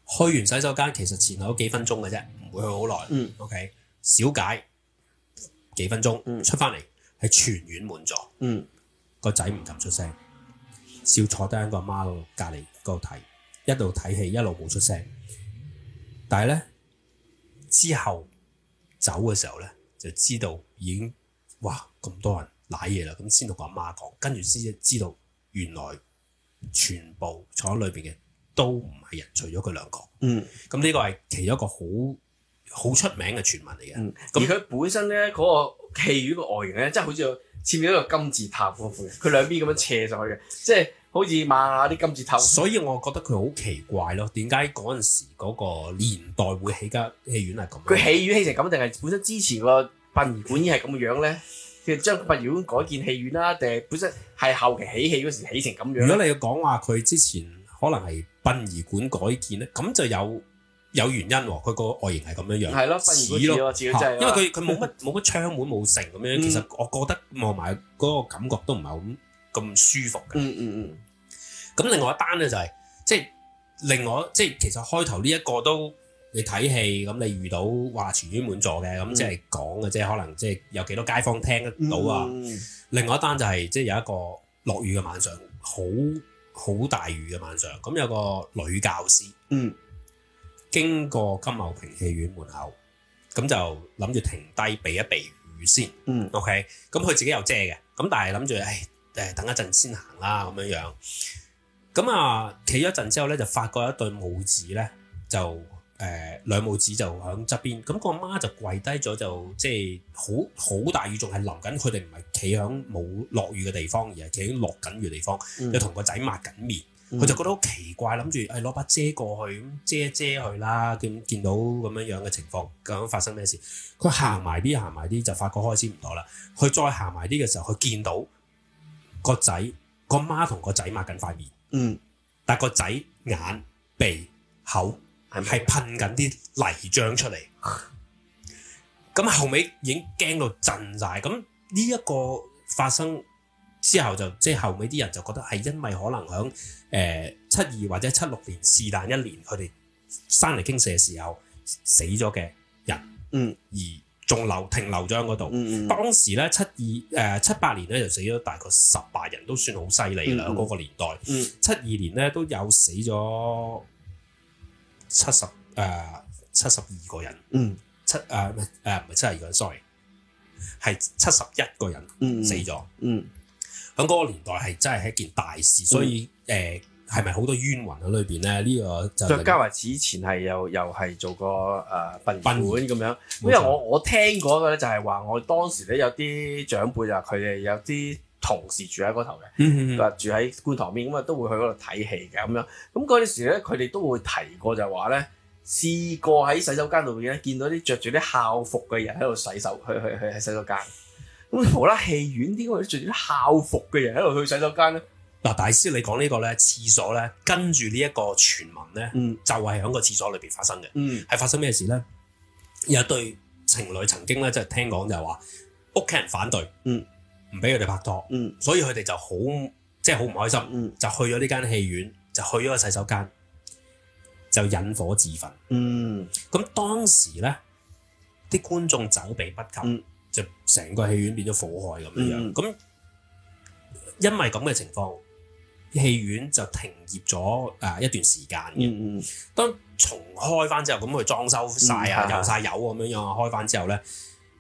去完洗手間，其實前後幾分鐘嘅啫，唔會去好耐。嗯。OK，小解幾分鐘。嗯、出翻嚟係全院滿座。嗯。個仔唔敢出聲，笑坐低喺個阿媽隔離嗰度睇，一路睇戲一路冇出聲。但係咧，之後走嘅時候咧。就知道已經，哇，咁多人賴嘢啦，咁先同我阿媽講，跟住先知道原來全部坐喺裏邊嘅都唔係人，除咗佢兩個。嗯，咁呢個係其中一個好好出名嘅傳聞嚟嘅。咁、嗯、佢本身咧嗰、嗰個戲院個外形咧，即係好似有似唔似一個金字塔嘅，佢兩邊咁樣斜上去嘅、嗯，即係好似掹下啲金字塔， 所以我覺得佢好奇怪咯。點解嗰陣時嗰個年代會起間戲院係咁？佢戲院起成咁定係本身之前個殯儀館已經係咁樣咧，佢、就、係、是、將殯儀館改建戲院啦，定係本身係後期起戲嗰時起成咁樣？如果你要講話佢之前可能係殯儀館改建咧，咁就有有原因喎。佢個外形係咁樣樣，係咯，似咯，因為佢佢冇乜冇乜窗門冇成咁樣。其實我覺得望埋嗰個感覺都唔係好。咁舒服嘅，嗯嗯嗯。咁、嗯、另外一單咧就係、是，即係另外即係其實開頭呢一個都你睇戲咁，你遇到話全院滿座嘅，咁即係講嘅，即係可能即係有幾多街坊聽得到啊。嗯、另外一單就係、是、即係有一個落雨嘅晚上，好好大雨嘅晚上，咁有個女教師，嗯，經過金茂坪戲院門口，咁就諗住停低避一避雨先，嗯，OK。咁佢自己又遮嘅，咁但係諗住，哎。誒等一陣先行啦，咁樣樣咁啊，企咗陣之後咧，就發覺一對母子咧，就誒、呃、兩母子就喺側邊。咁、咁個媽、媽就跪低咗，就即係好好大雨，仲係淋緊。佢哋唔係企喺冇落雨嘅地方，而係企喺落緊雨嘅地方，嗯、又同個仔抹緊面。佢、嗯、就覺得好奇怪，諗住誒攞把遮過去咁遮一遮佢啦。見見到咁樣嘅情況，咁發生咩事？佢行埋啲，行埋啲，就發覺開始唔妥啦。佢再行埋啲嘅時候，佢見到。個仔個媽同個仔抹緊塊面，嗯，但係個仔眼、鼻、口係噴緊啲泥漿出嚟，咁、嗯、後尾已經驚到震晒，咁呢一個發生之後就即係、就是、後尾啲人就覺得係因為可能響誒七二或者七六年是但一年佢哋生嚟傾偈嘅時候死咗嘅人，嗯而仲留停留咗喺嗰度，當時咧七二誒七八年咧就死咗大概十八人，都算好犀利啦，嗰個年代，嗯、七二年咧都有死咗七十誒七十二個人，嗯七誒誒唔係七十二個人，sorry 係七十一個人死咗，嗯，喺嗰個年代係真係一件大事，嗯、所以誒。呃係咪好多冤魂喺裏邊咧？呢、呢個就。張嘉華此前係又又係做過誒、呃、賓館咁樣，因為我我聽過嘅咧就係話，我當時咧有啲長輩啊，佢哋有啲同事住喺嗰頭嘅，話、嗯嗯嗯、住喺觀塘邊咁啊，都會去嗰度睇戲嘅咁樣。咁嗰陣時咧，佢哋都會提過就係話咧，試過喺洗手間度咧見到啲着住啲校服嘅人喺度洗手，去去去喺洗手間。咁無啦，戲院點解會着住啲校服嘅人喺度去洗手間咧？嗱，大師你講呢、呢個咧，廁所咧跟住呢一個傳聞咧，就係喺個廁所裏面發生嘅，係、嗯、發生咩事咧？有一對情侶曾經咧，即、就、係、是、聽講就話屋企人反對，唔俾佢哋拍拖，嗯、所以佢哋就好即係好唔開心，嗯、就去咗呢間戲院，就去咗個洗手間，就引火自焚。嗯，咁當時咧，啲觀眾走避不及，嗯、就成個戲院變咗火海咁樣樣。咁、嗯、因為咁嘅情況。戲院就停業咗誒一段時間嘅。嗯嗯。當重開翻之後，咁佢裝修晒啊、嗯，油晒、嗯、油咁樣樣開翻之後咧，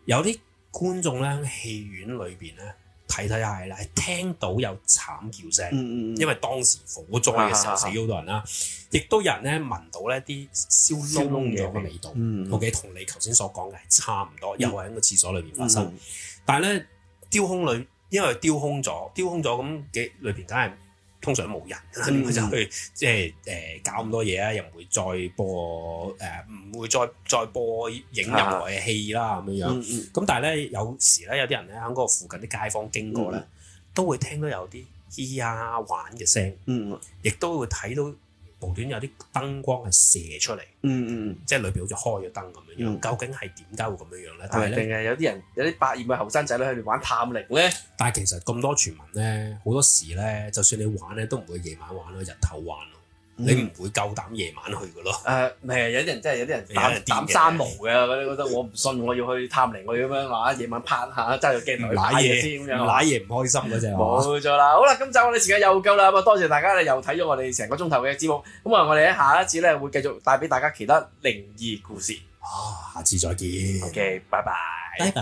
有啲觀眾咧喺戲院裏邊咧睇睇下戲咧，看看聽到有慘叫聲。嗯、因為當時火災嘅時候死咗好多人啦，亦、嗯、都、嗯、有人咧聞到咧啲燒燶咗嘅味道。嗯。O K，同你頭先所講嘅係差唔多，嗯、又係喺個廁所裏邊發生。嗯、但係咧，丟空裏因為丟空咗，丟空咗咁嘅裏邊梗係，通常冇人，跟、嗯、就去即係誒搞咁多嘢啦，又唔會再播誒，唔、呃、會再再播影任何嘅戲啦咁、啊、樣。咁、嗯嗯、但係咧，有時咧有啲人咧喺嗰個附近啲街坊經過咧、嗯，都會聽到有啲嘻呀、啊、玩嘅聲，亦、嗯、都會睇到。無端有啲燈光係射出嚟，嗯嗯，即係裏邊好似開咗燈咁樣樣、嗯。究竟係點解會咁樣樣咧？但係呢定係有啲人有啲百厭嘅後生仔喺度玩探靈咧、嗯？但係其實咁多傳聞咧，好多時咧，就算你玩咧，都唔會夜晚玩咯，日頭玩。你唔會夠膽夜晚去嘅咯、嗯啊？誒，係有啲人真係有啲人膽膽生毛嘅，嗰啲覺得我唔信，我要去探靈，我要咁樣話夜、啊、晚拍下，真係又驚佢攋嘢先，攋嘢唔開心嗰隻。冇錯啦，好啦，咁就我哋時間又夠啦，咁啊，多謝大家又睇咗我哋成個鐘頭嘅節目，咁啊，我哋下一節咧會繼續帶俾大家其他靈異故事。啊，下次再見。OK，拜拜。拜拜。